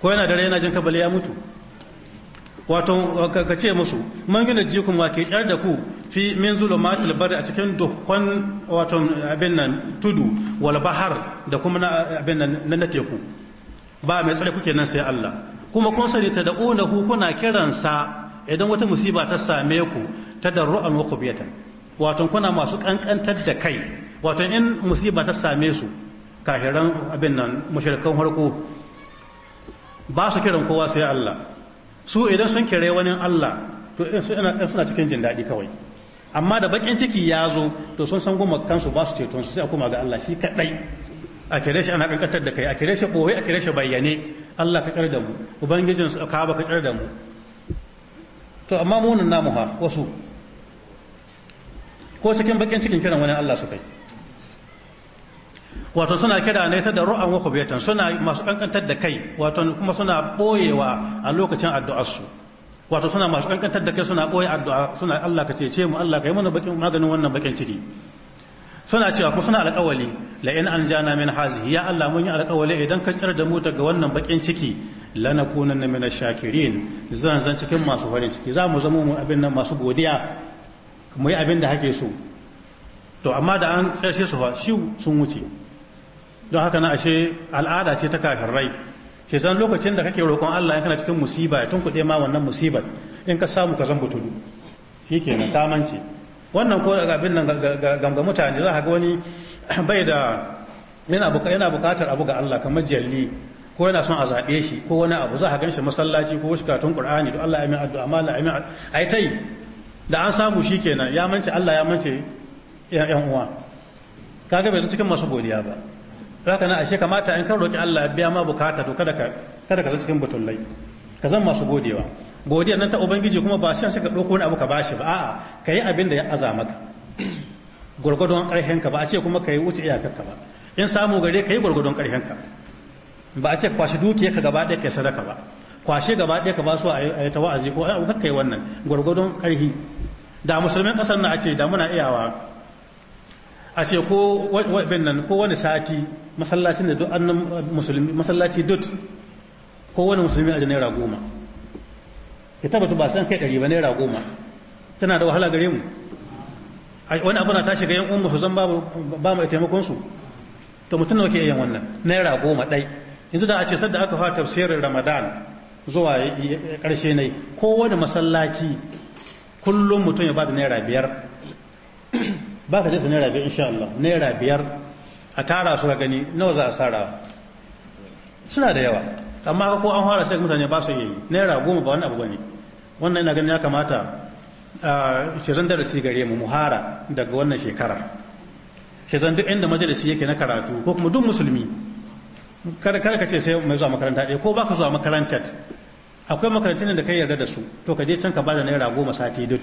ko yana dare yana jin kabali ya mutu wato ka ce musu man gina jikun wa ke kyar da ku fi min zulu ma a cikin dukkan wato abin nan tudu wal bahar da kuma na abin nan na teku ba mai tsare kuke nan sai Allah kuma kun sani ta ona ku kuna kiransa idan wata musiba ta same ku ta da ru'an wa khubiyatan wato kuna masu kankantar da kai wato in musiba ta same su kahiran abin nan mushrikan harko ba su kiran kowa sai Allah su idan sun kire wani Allah to suna cikin jin daɗi kawai amma da bakin ciki ya zo to sun san goma kansu ba su ceton su sai a koma ga Allah shi kadai a kere shi ana kankantar da kai a kere shi boye a kere shi bayyane Allah ka tsare da mu ubangijin su ka ba ka tsare da mu to amma nan namu ha wasu ko cikin bakin cikin kiran wani Allah su kai wato suna kira ne ta da ru'an wa kubetan suna masu kankantar da kai wato kuma suna boyewa a lokacin addu'arsu wato suna masu kankantar da kai suna boye addu'a suna Allah ka cece mu Allah ka yi mana bakin maganin wannan bakin ciki suna cewa kuma suna alƙawali la in an jana min hazihi ya Allah mun yi alƙawali idan ka tsar da mu daga wannan bakin ciki lanakunanna min shakirin zan zan cikin masu farin ciki za mu zama mu abin nan masu godiya mu yi abin da hake so to amma da an tsarshe su fa shi sun wuce don haka na ashe al'ada ce ta rai ke san lokacin da kake roƙon Allah in kana cikin musiba ya tunkuɗe ma wannan musibar in ka samu ka zan butulu nan tamanci wannan ko abin nan ga mutane za ka ga wani bai da yana buƙatar abu ga Allah kamar jalli ko yana son a zaɓe shi ko wani abu za a gan shi masallaci ko wasu karatun ƙur'ani don Allah ya min addu'a amma Allah ya min Ai ta yi da an samu shi kenan ya mance Allah ya mance yan uwa kaga bai cikin masu godiya ba haka nan ashe kamata in kan roki Allah ya biya ma bukata to kada ka kada ka cikin butullai ka zan masu godewa godiyar nan ta ubangiji kuma ba shan ka ɗauko wani abu ka bashi ba a'a ka abin da ya aza maka gwargwadon ƙarfin ka ba a ce kuma ka yi wuce ka ba in samu gare ka yi gwargwadon ka ba a ce kwashi dukiyar ka gaba ɗaya kai sadaka ba kwashe gaba ɗaya ka ba su a yi ta wa'azi ko a kai wannan gwargwadon karhi da musulmin ƙasar na a ce da muna iyawa a ce ko nan ko wani sati masallacin da duk annan musulmi masallaci dut ko wani musulmi a naira goma ya tabbata ba san kai ɗari ba naira goma tana da wahala gare mu wani abu na ta shiga yan umma su zan ba mu taimakon su to mutum nawa ke yin wannan naira goma ɗai yanzu da a ce sadda aka fara tafsirin ramadan zuwa ƙarshe ne wani masallaci kullum mutum ya ba da naira biyar ba ka jinsa naira biyar insha Allah naira biyar a tara su gani nawa za a tsara suna da yawa amma ko an hara sai mutane ba su yi naira goma ba wani abu bane wannan ina ganin ya kamata shirin darasi gare mu muhara daga wannan shekarar shirin duk inda majalisi yake na karatu ko kuma duk musulmi kada ka ce sai mai zuwa makaranta ɗaya ko baka zuwa makarantar akwai makarantar da ka yarda da su to ka je can ka ba da naira goma sati duk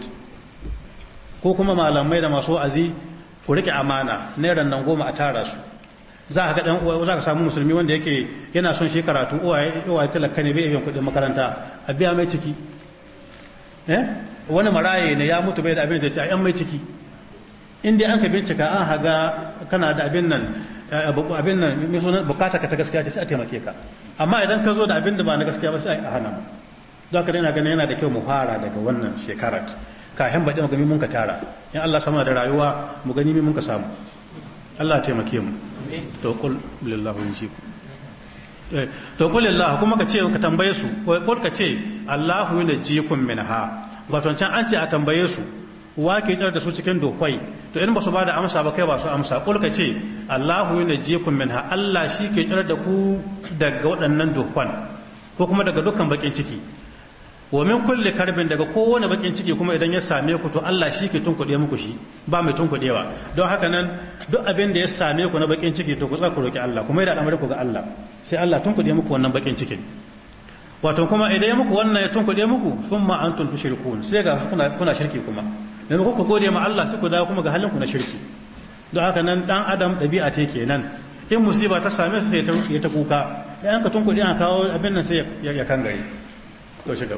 ko kuma malamai da masu wa'azi ku rike amana naira nan goma a tara su za ka dan uwa za ka samu musulmi wanda yake yana son shi karatu uwa ya talaka ne bai biyan kuɗin makaranta a biya mai ciki eh wani maraye ne ya mutu bai da abin zai ci a yan mai ciki in dai an ka bincika an haga kana da abin nan eh, abin nan mai sunan bukata ka ta gaskiya ce sai a taimake ka amma idan ka zo da abin da ba na gaskiya ba sai a hana don haka dai na ganin yana da kyau mu fara daga wannan shekarar kayan baɗi magami mun ka tara in Allah sama da rayuwa mu gani mun ka samu Allah taimake mu to kul eh, lillahi kuma ka ce ka tambaye su ko ka ce Allahu yunjikum minha wato can an ce a tambaye su wa ke tsar da su cikin dokwai to in ba su ba da amsa ba kai ba su amsa kul ka ce Allahu yunjikum minha Allah shi ke tsar da ku daga waɗannan dokwan ko kuma daga dukkan bakin ciki wa min kulli karbin daga kowane bakin ciki kuma idan ya same ku to Allah shi ke tunkuɗe muku shi ba mai tunkuɗewa don haka nan duk abin da ya same ku na bakin ciki to ku tsaka roki Allah kuma da al'amari ku ga Allah sai Allah tunkuɗe muku wannan bakin cikin wato kuma idan ya muku wannan ya tunkuɗe muku summa antum tushrikun sai ga kuna kuna shirki kuma dan ku gode ma Allah sai ku dawo kuma ga halin ku na shirki don haka nan dan adam ɗabi'a ce kenan in musiba ta same su sai ya ta kuka sai an ka tunkuɗe an kawo abin nan sai ya kangare لو شكرا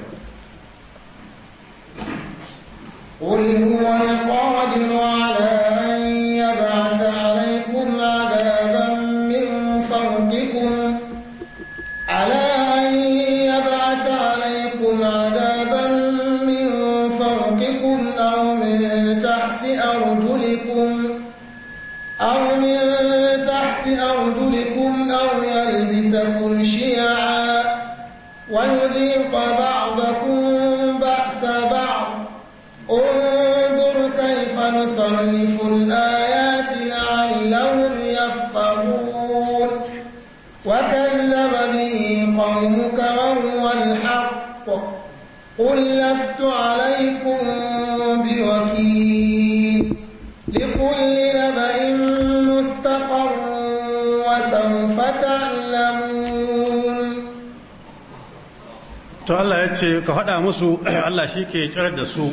قل هو القادر على أن يبعث عليكم عذابا من فرقكم على أن يبعث عليكم عذابا من فرقكم أو من تحت أرجلكم أو من تحت أرجلكم أو يلبسكم شيئا لنذيق بعضكم بأس بعض انظر كيف نصرف الآيات لعلهم يفقهون وكذب به قومك وهو الحق قل لست عليكم بوكيل to Allah ya ce ka faɗa musu Allah shi ke tsirar da su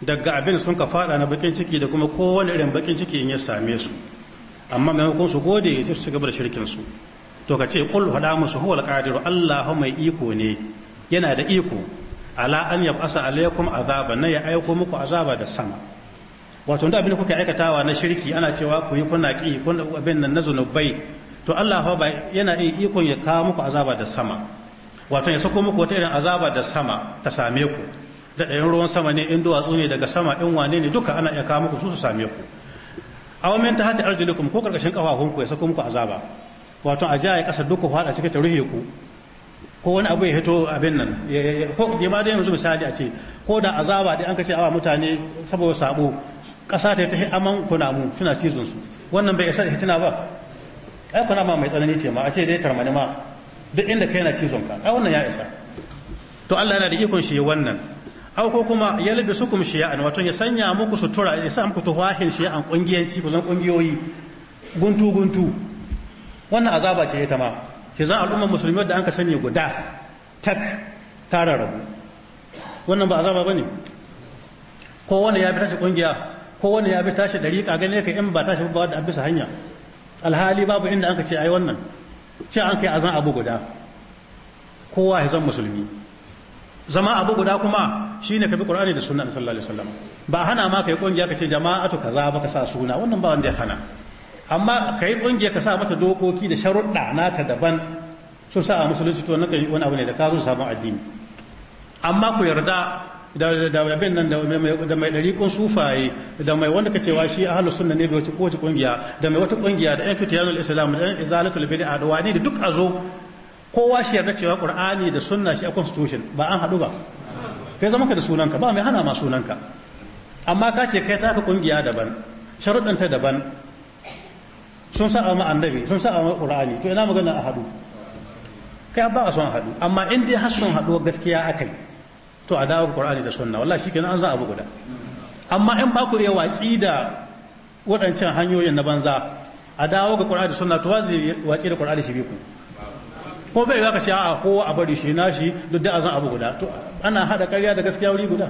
daga abin sun ka faɗa na bakin ciki da kuma kowane irin bakin ciki in ya same su amma maimakon su gode ce su gaba da shirkin su to ka ce kul faɗa musu huwal qadiru Allah mai iko ne yana da iko ala an yab'asa alaikum azaba na ya aiko muku azaba da sama wato da abin da kuke aikatawa na shirki ana cewa ku yi kuna ki kun abin nan na zunubai to Allah ba yana iya ikon ya kawo muku azaba da sama wato ya sako muku wata irin azaba da sama ta same ku da ɗayan ruwan sama ne in duwatsu ne daga sama in wane ne duka ana iya kawo muku su su same ku awamin ta hati arjulikum ko karkashin kafafunku ya sako muku azaba wato a jiya ya kasa duka fada cikin ta ruhe ku ko wani abu ya hito abin nan ko ya ma da yanzu misali a ce ko da azaba dai an kace awa mutane saboda sabo kasa ta ta aman kunamu suna cizon su wannan bai isa hitina ba ai kunama mai tsanani ce ma a ce dai tarmani ma duk inda kai na cizon ka a wannan ya isa to Allah yana da ikon shi wannan au ko kuma ya labe su kuma shiya'an wato ya sanya muku sutura ya sa muku shi shiya'an kungiyanci ku zan kungiyoyi guntu guntu wannan azaba ce ita ma ke zan al'ummar musulmi wadda an ka sani guda tak tara rabu wannan ba azaba bane ko wani ya bi tashi kungiya ko wani ya bi tashi dariƙa gane ka in ba tashi ba da abisa hanya alhali babu inda an ka ce ai wannan ce an kai azan abu guda kowa ya zan musulmi zama abu guda kuma shi ka fi qur'ani da suna sallallahu alaihi ba hana ma yi ƙungiya ka ce jama'atu kaza ba ka sa suna wannan ba wanda ya hana amma yi ƙungiya ka sa mata dokoki da sharuɗa nata daban sun sa a musulunci to wani abu ne da ka zo sabon addini amma ku yarda da abin nan da mai ɗarikun sufaye da mai wanda ka cewa shi ahalus sunna ne bai wuce kowace kungiya da mai wata kungiya da yan fitiyanul islam da yan izalatul bid'a da wani da duk a zo kowa shi yarda cewa qur'ani da sunna shi a constitution ba an haɗu ba kai zama ka da sunanka ba mai hana ma sunanka amma ka ce kai taka kungiya daban sharuɗanta daban sun sa ma annabi sun sa ma qur'ani to ina magana a haɗu kai ba a son haɗu amma in dai har sun haɗu gaskiya akai to a dawo qur'ani da sunna wallahi shikenan an za abu guda amma in ba ku da watsi da waɗancan hanyoyin na banza a dawo ga qur'ani da sunna to wazi watsi da qur'ani shi bi ku ko bai zaka ce a'a kowa a bari shi na shi duk da azan abu guda to ana hada ƙarya da gaskiya wuri guda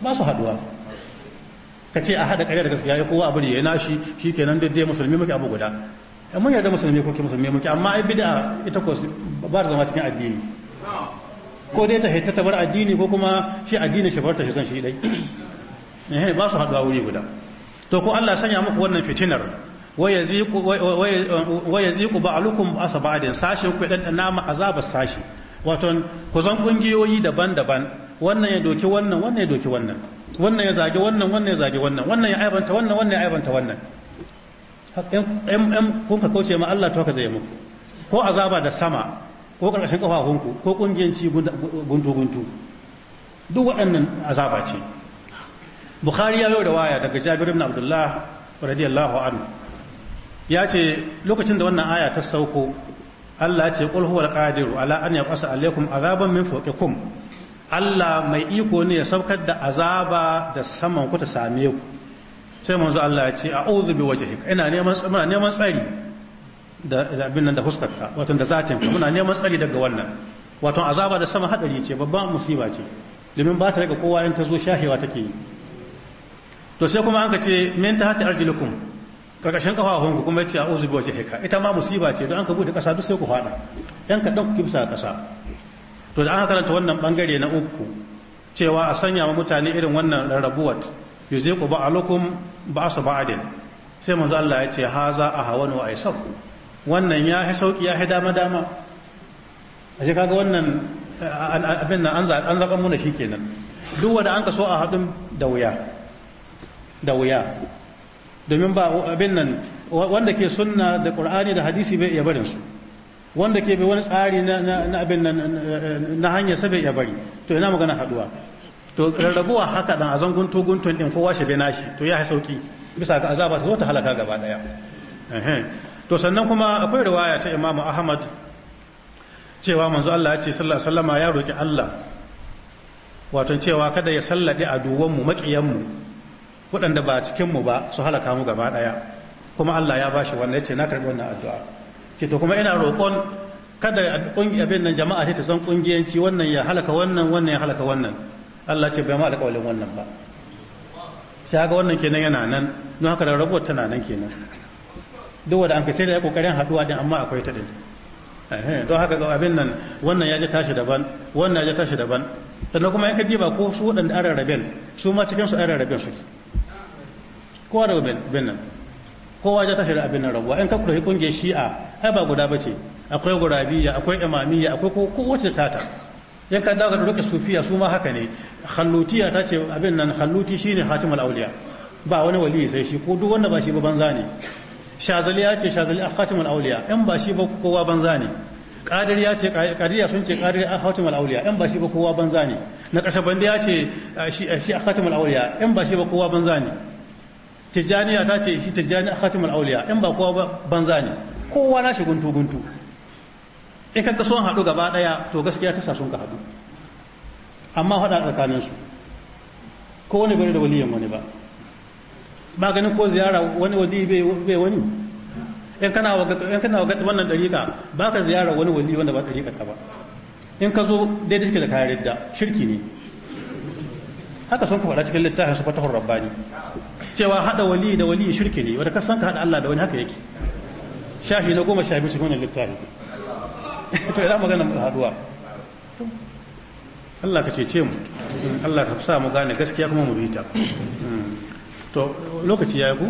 ba su haduwa ka ce a hada ƙarya da gaskiya ya kowa a bari ya nashi shikenan duk dai musulmi muke abu guda mun yarda musulmi ko ke musulmi muke amma ai bid'a ita ko ba zama cikin addini ko dai ta haita ta bar addini ko kuma shi addini shi bar ta shi kan shi dai eh ba su haɗuwa wuri guda to ko Allah sanya muku wannan fitinar wa yaziku wa yaziku ba'alukum sashin ku dan nama azaba sashi wato ku zan kungiyoyi daban-daban wannan ya doki wannan wannan ya doki wannan wannan ya zage wannan wannan ya zage wannan wannan ya aibanta wannan wannan ya aibanta wannan in kun ka kauce ma Allah to ka zai muku ko azaba da sama ko ƙarƙashin ƙafafunku ko ƙungiyanci guntu-guntu duk waɗannan azaba ce bukhari ya yau da waya daga jabir ibn abdullah radiyallahu anhu ya ce lokacin da wannan aya ta sauko Allah ce qul huwal qadiru ala an yaqasa alaikum azaban min fawqikum Allah mai iko ne ya saukar da azaba da saman ku ta same ku sai manzo Allah ce a bi waje ina neman neman tsari da abin nan da huskarka wato da zatinka muna neman tsari daga wannan wato azaba da sama hadari ce babban musiba ce domin ba ta daga kowa in ta zo shahewa take yi to sai kuma an ka ce min ta hati arjilukum karkashin kafafun ku kuma yace a'udhu bi wajhika ita ma musiba ce don an ka bude kasa duk sai ku fada yan ka dan kibsa kasa to da an karanta wannan bangare na uku cewa a sanya ma mutane irin wannan rarrabuwat yuziqu ba'alukum ba'su ba'adin sai manzo Allah ya ce haza ahawanu wa aisabu wannan ya fi sauƙi ya fi dama-dama a shi kaga wannan abin nan an zaɓa muna shi kenan duk wanda an ka so a haɗin da wuya da wuya domin ba abin nan wanda ke sunna da ƙur'ani da hadisi bai iya barin su wanda ke bai wani tsari na abin nan na hanyar sa bai iya bari to ina magana haɗuwa to rarrabuwa haka dan a zangunto guntun din kowa shi bai nashi to ya sauki bisa ga azaba ta zo ta halaka gaba ɗaya to sannan kuma akwai riwaya ta imamu ahmad cewa manzo Allah ya ce sallallahu alaihi wasallama ya roki Allah wato cewa kada ya sallade a makiyan maƙiyanmu waɗanda ba cikinmu ba su halaka mu gaba ɗaya kuma Allah ya bashi wannan yace na karɓi wannan addu'a ce to kuma ina roƙon kada abin nan jama'a ta san kungiyanci wannan ya halaka wannan wannan ya halaka wannan Allah ce bai ma alƙawalin wannan ba shi haka wannan kenan yana nan don haka da rabuwar tana nan kenan duk wanda an kai sai da ya kokarin haduwa din amma akwai ta din don haka ga abin nan wannan ya ji tashi daban wannan ya ji tashi daban sannan kuma in ka diba ko su waɗanda an rarraben su ma cikin su an rarraben suke kowa da abin nan kowa ya tashi da abin nan rabuwa in ka kula kungiyar shi'a ai ba guda bace akwai gurabiya akwai imamiyya akwai kowace tata in ka dawo ga ruke sufiya su ma haka ne hallutiya ta ce abin nan halluti shine hatimul auliya ba wani wali sai shi ko duk wanda ba shi ba banza ne shazali ya ce shazali a ah, khatimul auliya yan ba shi ba kowa banza ne Kadir ya ce ya sun ce qadir a ah, khatimul auliya yan ba shi ba kowa banza ne na bandi ya ce ah, shi a khatimul auliya yan ba shi ba kowa banza ne tijaniya ta ce shi tijani a khatimul auliya yan ba kowa banza ne kowa na shi guntu guntu in ga sun haɗu gaba ɗaya to gaskiya sa sun ka haɗu amma haɗa tsakaninsu ko wani bari da waliyan wani ba ba ganin ko ziyara wani wali bai wani in kana waga wannan dariƙa ba ka ziyara wani wali wanda ba dariƙa ka ba in ka zo daidai suke da kayar yadda shirki ne haka sun ka faɗa cikin littafin su fatahun rabbani cewa haɗa wali da wali shirki ne wanda ka san ka haɗa Allah da wani haka yake shahi na goma sha biyu cikin wannan littafin to ina magana mu haɗuwa Allah ka cece mu Allah ka sa mu gane gaskiya kuma mu bi ta hmm. to lokaci ya ku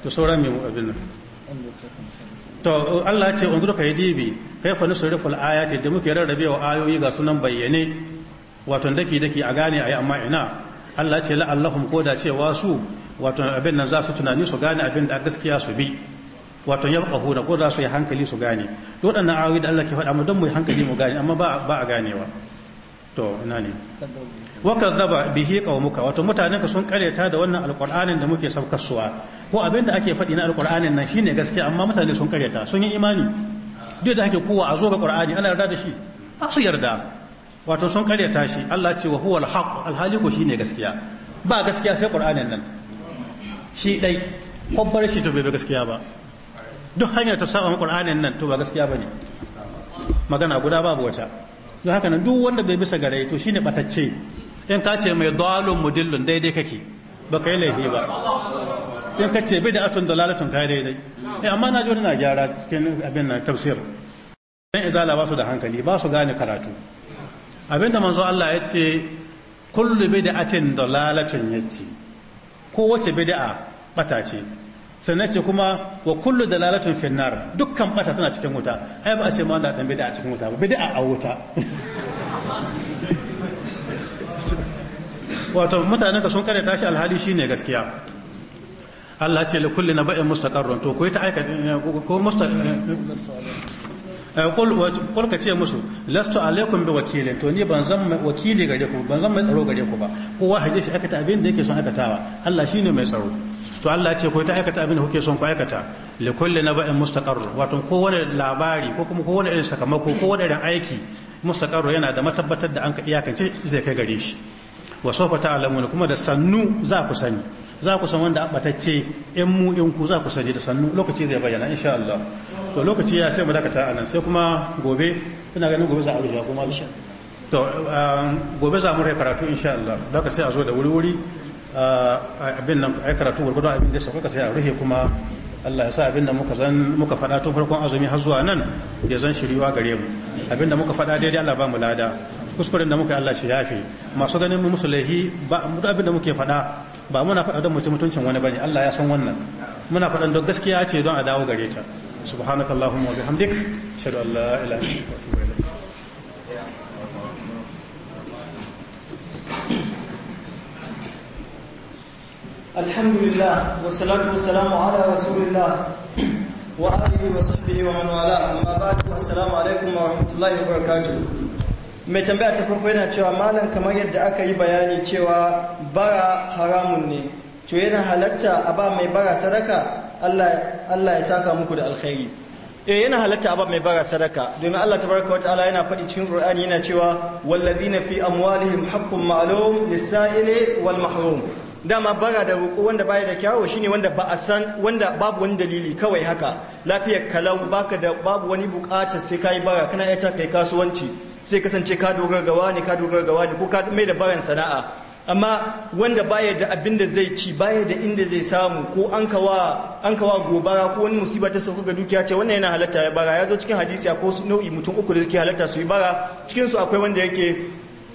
da saura mai abin nan to Allah ce unzur ka yadibi kaifa nusrifu al-ayati da muke rarrabe wa ayoyi ga sunan bayyane wato daki daki a gane ayi amma ina Allah ce la Allahum koda cewa su wato abin nan za su tunani su gane abin da gaskiya su bi wato ya baka huna ko za su yi hankali su gane to waɗannan ayoyi da Allah ke faɗa mu don mu yi hankali mu gane amma ba a ganewa to ina ne waka zaba bihi muka wato mutane ka sun kareta da wannan alqur'anin da muke saukarsuwa ko abin da ake faɗi na alqur'anin nan shine gaskiya amma mutane sun kareta sun yi imani duk da ake kowa a zo ga qur'ani ana yarda da shi ba su yarda wato sun kareta shi Allah ce wa huwal haqq alhaliku shine gaskiya ba gaskiya sai qur'anin nan shi dai kwabbar shi to bai gaskiya ba duk hanyar ta saba qur'anin nan to ba gaskiya bane magana guda babu wata don haka nan duk wanda bai bisa gare to shine batacce in ka ce mai dalon mudillun daidai kake ba ka yi laifi ba in ka ce bai da atun dalalatun ka daidai eh amma na ji wani na gyara cikin abin nan tafsir dan izala ba su da hankali ba su gane karatu abin da manzo Allah ya ce kullu bai da atun dalalatun yace ko wace bai bid'a bata ce sannan ce kuma wa kullu dalalatun finnar dukkan bata tana cikin wuta ai ba a ce ma da dan bid'a cikin wuta ba bid'a a wuta wato mutanen ka sun karyata shi alhali shine gaskiya Allah ce li kulli naba'in mustaqarrun to koi ta aika ko musta eh, kul ka ce musu lastu alaikum bi wakilin to ni ban zan wakili gare ku ban zan mai tsaro gare ku ba kowa haje shi aikata abin da yake son aikatawa Allah shine mai tsaro to Allah ce koi ta aikata abin da kuke son ku aikata li kulli naba'in mustaqarrun wato ko wani labari ko kuma ko wani irin sakamako ko wani irin aiki mustaqarr yana da matabbatar da an ka iyakance zai kai gare shi wa sofa ta'lamuna kuma da sannu za ku sani za ku san wanda abatacce yan mu in ku za ku sani da sannu lokaci zai bayyana insha Allah to lokaci ya sai mu ta anan sai kuma gobe ina ganin gobe za a rubuta kuma insha to um, gobe za mu rai karatu insha Allah daga sai a zo da wuri wuri uh, abin nan ai karatu gurgudu abin da suka sai a ruhe kuma Allah ya sa abin da muka zan muka faɗa tun farkon azumi har zuwa nan ya zan shiriwa gare mu abin da muka faɗa daidai Allah ba mu lada kuskuren da muka Allah shi yafi masu ganin mu musu laihi ba mu da abin da muke faɗa ba muna faɗa don mutum mutuncin wani bane Allah ya san wannan muna faɗan don gaskiya ce don a dawo gare ta subhanakallahumma wa bihamdik shadu an la ilaha illa anta الحمد لله والصلاة والسلام wa رسول wa وآله mai tambaya ta farko yana cewa malam kamar yadda aka yi bayani cewa bara haramun ne to yana halatta a ba mai bara sadaka Allah ya saka muku da alkhairi eh yana halatta a ba mai bara sadaka domin Allah tabaraka wa ta'ala yana faɗi cikin Qur'ani yana cewa walladhina fi amwalihim haqqun ma'lum lis-sa'ili wal mahrum dama bara da roƙo wanda baya da kyawo shine wanda ba a san wanda babu wani dalili kawai haka lafiyar kalau baka da babu wani buƙata sai kai bara kana iya ta kai kasuwanci zai kasance ka dogara ga wani ka dogara ga wani ko ka mai da bayan sana'a amma wanda baya da abin da zai ci baya da inda zai samu ko an kawa an kawa gobara ko wani musiba ta sauka ga dukiya ce wannan yana halatta ya bara ya zo cikin hadisi ko su nau'i mutum uku da suke halatta su yi bara cikin su akwai wanda yake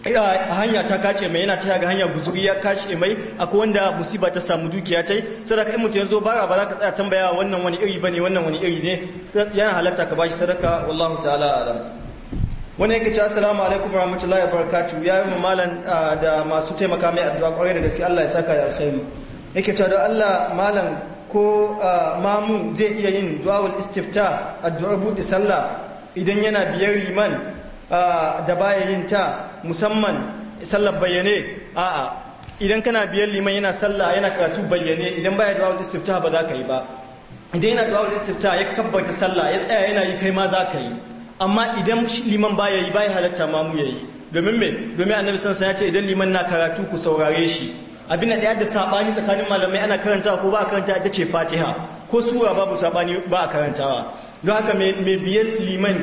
hanya ta kace mai yana taya ga hanya guzuri ya kace mai akwai wanda musiba ta samu dukiya ta sadaka in mutum ya zo bara ba za ka tsaya tambaya wannan wani iri bane wannan wani iri ne yana halatta ka bashi sadaka wallahu ta'ala alam wani yake cewa assalamu alaikum warahmatullahi wabarakatuh ya yi mamalan ah, da masu taimaka mai addu'a kwarai da gaske Allah ya saka da alkhairi yake cewa da Allah malam ko ah, mamu zai iya yin du'awul istifta addu'ar buɗe sallah idan yana biyar liman ah, da baya yin ta musamman sallar bayyane a'a idan kana biyar liman yana sallah yana karatu bayyane idan baya du'awul istifta ba za ka yi ba idan yana du'awul istifta ya kabbata sallah ya tsaya yana yi kai ma za ka yi amma idan liman ba ya yi baya halatta ma mu yi domin me domin annabi sansa ya ce idan liman na karatu ku saurare shi abin da ɗaya da sabani tsakanin malamai ana karantawa ko ba a karanta ita ce fatiha ko sura babu sabani ba a karantawa don haka mai biyan liman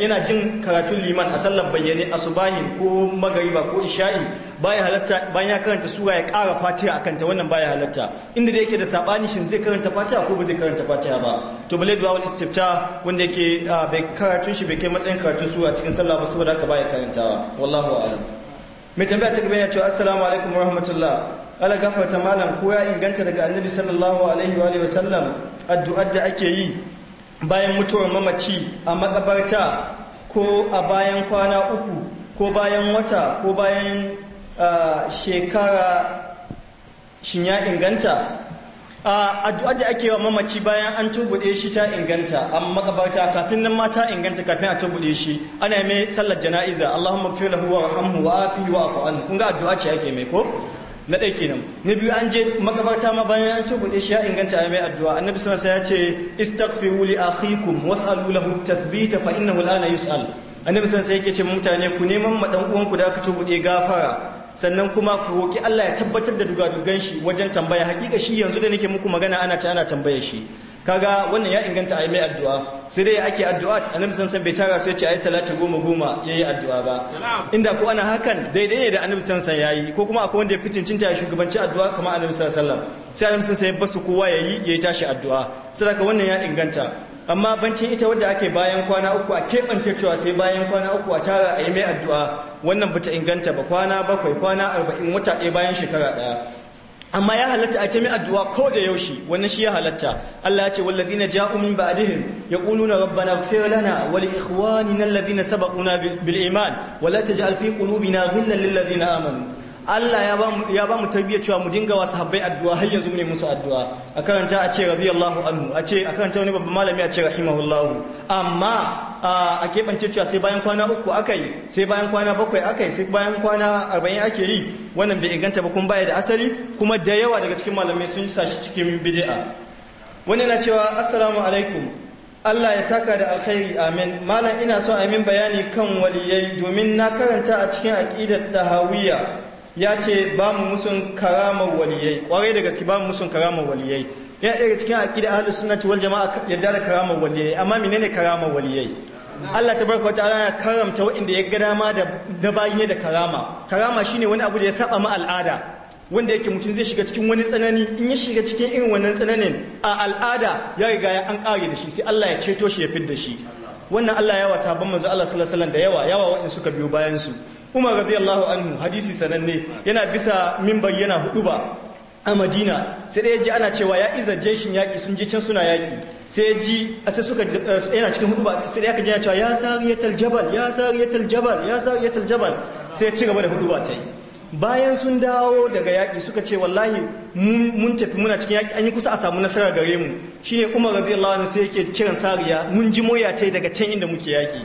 yana jin karatun liman a sallar bayyane a asubahin ko magariba ko isha'i baya halatta bayan ya karanta sura ya kara fatiha akanta ta wannan baya halatta inda da yake da sabani shin zai karanta fatiha ko ba zai karanta fatiha ba to bale du'a wal istifta wanda yake bai karatun shi bai kai matsayin karatun sura cikin sallah ba saboda haka baya karantawa wallahu a'lam mai tambaya ta gaba yana cewa assalamu alaikum warahmatullah ala gafarta malam ko ya inganta daga annabi sallallahu alaihi wa alihi wasallam addu'ar da ake yi bayan mutuwar mamaci a makabarta ko a bayan kwana uku ko bayan wata ko bayan shekara shin ya inganta a da ake wa mamaci bayan an tubuɗe shi ta inganta an makabarta kafin nan ma ta inganta kafin a tubuɗe shi ana mai sallar jana'iza Allahumma fi lahu wa rahamhu wa afi wa afu an kun ga addu'a ce ake mai ko na ɗaya kenan na biyu an je makabarta ma bayan an tubuɗe shi ya inganta a mai addu'a annabi sallallahu alaihi wasallam ya ce istaghfiru li akhikum was'alu lahu tathbita fa innahu al'ana yus'al annabi sallallahu alaihi wasallam yake ce mutane ku neman ma dan uwanku da aka tubuɗe gafara sannan kuma ku roki Allah ya tabbatar da dugadugan shi wajen tambaya hakika shi yanzu da nake muku magana ana ta ana tambayar shi kaga wannan ya inganta a yi mai addu'a sai dai ake addu'a annabi san san bai tara su yace ayi salatu goma goma yayi addu'a ba inda ko ana hakan daidai ne da annabi san san yayi ko kuma akwai wanda ya fitin cinta ya shugabanci addu'a kamar annabi sallallahu alaihi sai annabi san san ya basu kowa yayi yayi tashi addu'a saboda wannan ya inganta amma bancin ita wadda ake bayan kwana uku a keɓance cewa sai bayan kwana uku a tara a yi mai addu'a wannan bata inganta ba kwana bakwai kwana arba'in wata ɗaya bayan shekara ɗaya amma ya halatta a ce mai addu'a ko da yaushe wannan shi ya halatta Allah ya ce walladina ja'u min ba'dihim yaquluna rabbana ighfir lana wa li ikhwanina alladhina sabaquna bil iman wa la taj'al fi qulubina ghillan lil ladina amanu Allah ya ba mu tarbiyyar cewa mu dinga wasu habbai addu'a har yanzu ne musu addu'a a karanta a ce radiyallahu anhu a ce a karanta wani babban malami a ce rahimahullahu amma a keɓance cewa sai bayan kwana uku aka yi sai bayan kwana bakwai aka yi sai bayan kwana arba'in ake yi wannan bai inganta ba kuma baya da asali kuma da yawa daga cikin malamai sun sa shi cikin bid'a wani na cewa assalamu alaikum Allah ya saka da alkhairi amin malam ina so a yi min bayani kan waliyai domin na karanta a cikin aqidar dahawiyya ya ce ba mu musun karamar waliyai kwarai da gaske ba mu musun karamar waliyai ya daga cikin aqida ahlus sunnati wal jama'a yadda da karamar waliyai amma ne karamar waliyai Allah ta wa wata ya karamta waɗanda ya ga dama da na bayin da karama karama shine wani abu da ya saba ma al'ada wanda yake mutum zai shiga cikin wani tsanani in ya shiga cikin irin wannan tsananin a al'ada ya riga ya an kare da shi sai Allah ya ceto shi ya fidda da shi wannan Allah ya yawa sabon manzo Allah sallallahu alaihi wasallam da yawa yawa waɗanda suka biyo bayan su umar radiyallahu anhu hadisi sananne yana bisa min yana hudu ba a madina sai ya ji ana cewa ya iza jeshin yaƙi sun je can suna yaƙi sai ya ji a sai suka eh, yana cikin hudu ba sai aka jina cewa ya sariyatal jabal ya sariyatal jabal ya sariyatal jabal sai ya ci gaba da hudu ba ta yi bayan sun dawo daga yaƙi suka ce wallahi mun tafi muna cikin yaƙi an yi kusa a samu nasara gare mu shine umar radiyallahu anhu sai yake kiran sariya mun ji moya ta daga can inda muke yaƙi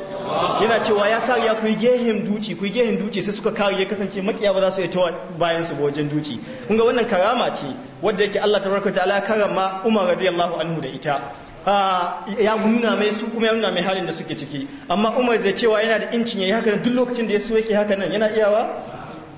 yana cewa ya sariya ku yi gehen duci ku yi gehen duci sai suka kare ya kasance makiya ba za su yi bayan su wajen duci kun ga wannan karama ce wadda yake Allah ta ta'ala karama umar Allah anhu da ita ah, ya nuna mai su kuma ya nuna mai halin da suke ciki amma umar zai cewa yana da incin yayi haka duk lokacin da ya so yake haka nan yana iyawa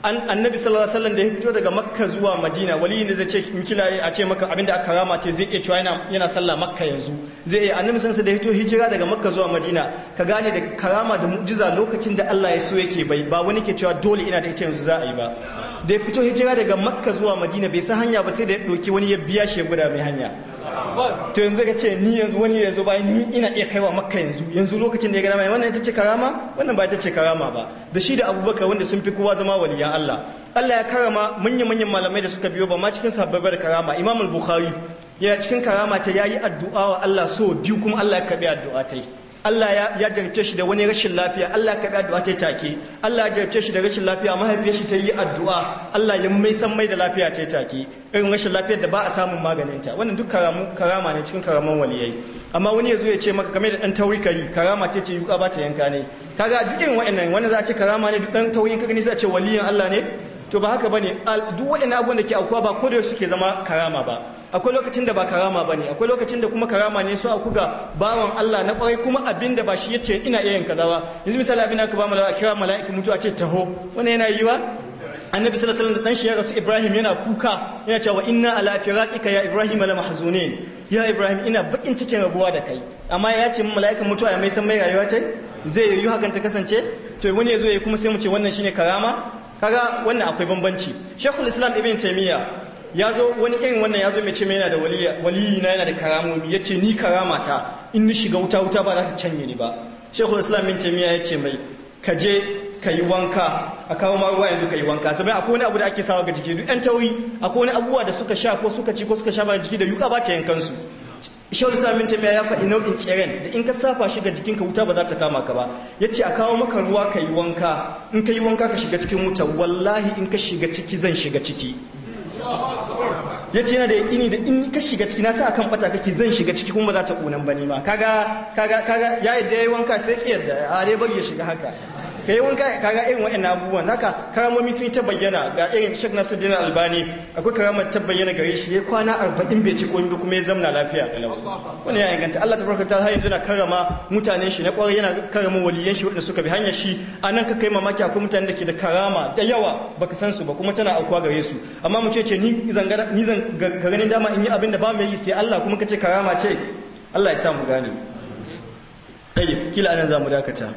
annabi sallallahu alaihi wasallam da ya fito daga makka zuwa madina wali ne zai ce in kila a ce maka abinda aka rama ce zai iya cewa yana yana sallah makka yanzu zai iya annabi sansa da ya fito hijira daga makka zuwa madina ka gane da karama da mu'jiza lokacin da Allah ya so yake bai ba wani ke cewa dole ina da ita yanzu za a yi ba da ya fito hijira daga makka zuwa madina bai san hanya ba sai da ya dauki wani ya biya shi ya guda mai hanya to yanzu ka ce ni yanzu wani yanzu bayan ni ina iya kaiwa makka yanzu yanzu lokacin da ya gana mai wannan ita ce karama wannan ba ita ce karama ba da shi da abubakar wanda sun fi kowa zama waliyan allah allah ya karama manyan manyan malamai da suka biyo ba ma cikin sababbar da karama imamul bukhari ya cikin karama ta yayi addu'a wa allah so biyu kuma allah ya karbi addu'a ta yi Allah ya jarce shi da wani rashin lafiya Allah ka bi addu'a ta take Allah ya jarce shi da rashin lafiya mahaifiyar shi ta yi addu'a Allah ya mai san mai da lafiya ta take irin rashin lafiyar da ba a samun maganin ta wannan duk karamu karama ne cikin karaman waliyai amma wani yazo ya ce maka kamar da dan tauri kari karama ta ce yuka ba ta yanka ne kaga duk irin wa'annan wani za ce karama ne duk dan tauri kaga ne sai ce waliyin Allah ne to ba haka bane duk wa'annan abubuwan da ke aukuwa ba ko da suke zama karama ba akwai lokacin da ba karama ba ne akwai lokacin da kuma karama ne su a kuga bawan Allah na kwarai kuma abin da ba shi yace ina iya yin kaza ba yanzu misali abin aka ba mu a kira mala'ikin mutu a ce taho wannan yana yiwa annabi sallallahu alaihi wasallam dan shi ya rasu ibrahim yana kuka yana cewa inna ala firaqika ya ibrahim la mahzunin ya ibrahim ina bakin cikin rabuwa da kai amma ya ce mala'ikan mutuwa a mai san mai rayuwa ta zai yiwu hakan ta kasance to wani ya zo ya kuma sai mu ce wannan shine karama kaga wannan akwai bambanci shekul islam ibn taymiya ya zo wani irin wannan ya zo mai ce mai yana da waliyi na yana da karamomi ya ce ni karamata in ni shiga wuta wuta ba za ta canye ni ba shekul islam min taimiyya ya ce mai ka je ka yi wanka a kawo ma ruwa yanzu ka yi wanka sabai akwai wani abu da ake sawa ga jiki duk yan tauri akwai wani abubuwa da suka sha ko suka ci ko suka sha ba jiki da yuka ba ta yankansu shawar samin tamiya ya faɗi nau'in tseren da in ka safa shi ga jikinka wuta ba za ta kama ka ba ya ce a kawo maka ruwa ka yi wanka in ka yi wanka ka shiga cikin wuta wallahi in ka shiga ciki zan shiga ciki ya ce yana da yaƙini da in ka shiga ciki na sa akan ɓata kake zan shiga ciki kuma ba za ta ƙunan ba ne ma kaga kaga kaga ya ya yi wanka sai ki da a dai bari ya shiga haka ka yi wanka kaga irin wa'in abubuwan zaka karamomi sun ta bayyana ga irin shek yana albani akwai karamar ta bayyana gare shi ya kwana arba'in bai ci komi kuma ya zamna lafiya da lau wani ya inganta allah tabaraka ta har yanzu na karama mutanen shi na kwarai yana karama waliyan shi wanda suka bi hanyar shi a nan ka kai mamaki akwai mutanen da ke da karama da yawa ba ka san su ba kuma tana aukuwa gare su amma mu ce ni ni zan ganin dama in yi abin da ba mu yi sai allah kuma ka ce karama ce allah ya sa mu gane kila dakata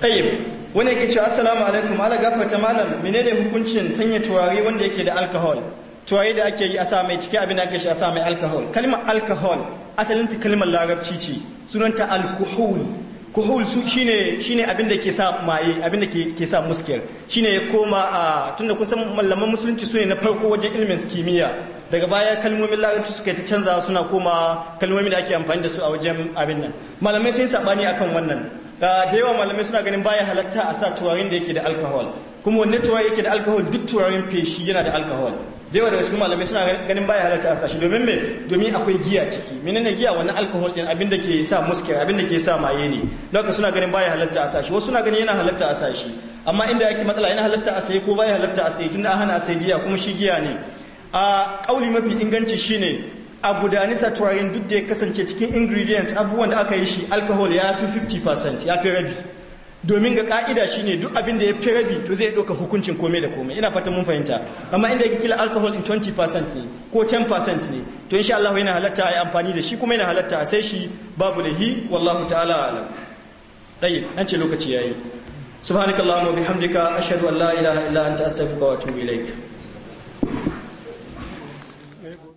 tayyib wani yake cewa assalamu alaikum ala gafarta malam menene hukuncin sanya turare wanda yake da alcohol turare da ake yi a sa mai cike abin da ake shi a sa mai alcohol kalmar alcohol asalin ta kalmar larabci ce sunanta alkuhul kuhul su shine shine abin da ke sa maye abin da ke sa muskil shine ya koma a tunda kun san malaman musulunci ne na farko wajen ilimin kimiyya daga baya kalmomin larabci suka yi ta canza suna koma kalmomin da ake amfani da su a wajen abin nan malamai sun yi sabani akan wannan da yawa malamai suna ganin baya halatta a sa turarin da yake da alkahol kuma wanne turarin yake da alkahol duk turarin feshi yana da alkahol da yawa daga cikin malamai suna ganin baya halatta a shi domin me domin akwai giya ciki menene giya wani alkahol din abin da ke sa muskir abin da ke sa maye ne lokaci suna ganin baya halatta a shi wasu suna ganin yana halatta a shi amma inda yake matsala yana halatta a sayi ko baya halatta a sayi tunda an hana a sayi giya kuma shi giya ne a kauli mafi inganci shine a gudani turaren duk da ya kasance cikin ingredients abubuwan da aka yi shi alcohol ya fi 50% ya fi rabi domin ga ka'ida ne duk abin da ya fi rabi to zai ɗauka hukuncin komai da komai ina fata mun fahimta amma inda yake kila alcohol in 20% ne ko 10% ne to insha Allah yana halatta a yi amfani da shi kuma yana halatta a sai shi babu da hi, wallahu ta'ala alam an ce lokaci yayi subhanakallahumma wa bihamdika ashhadu an la ilaha illa anta astaghfiruka wa atubu ilaik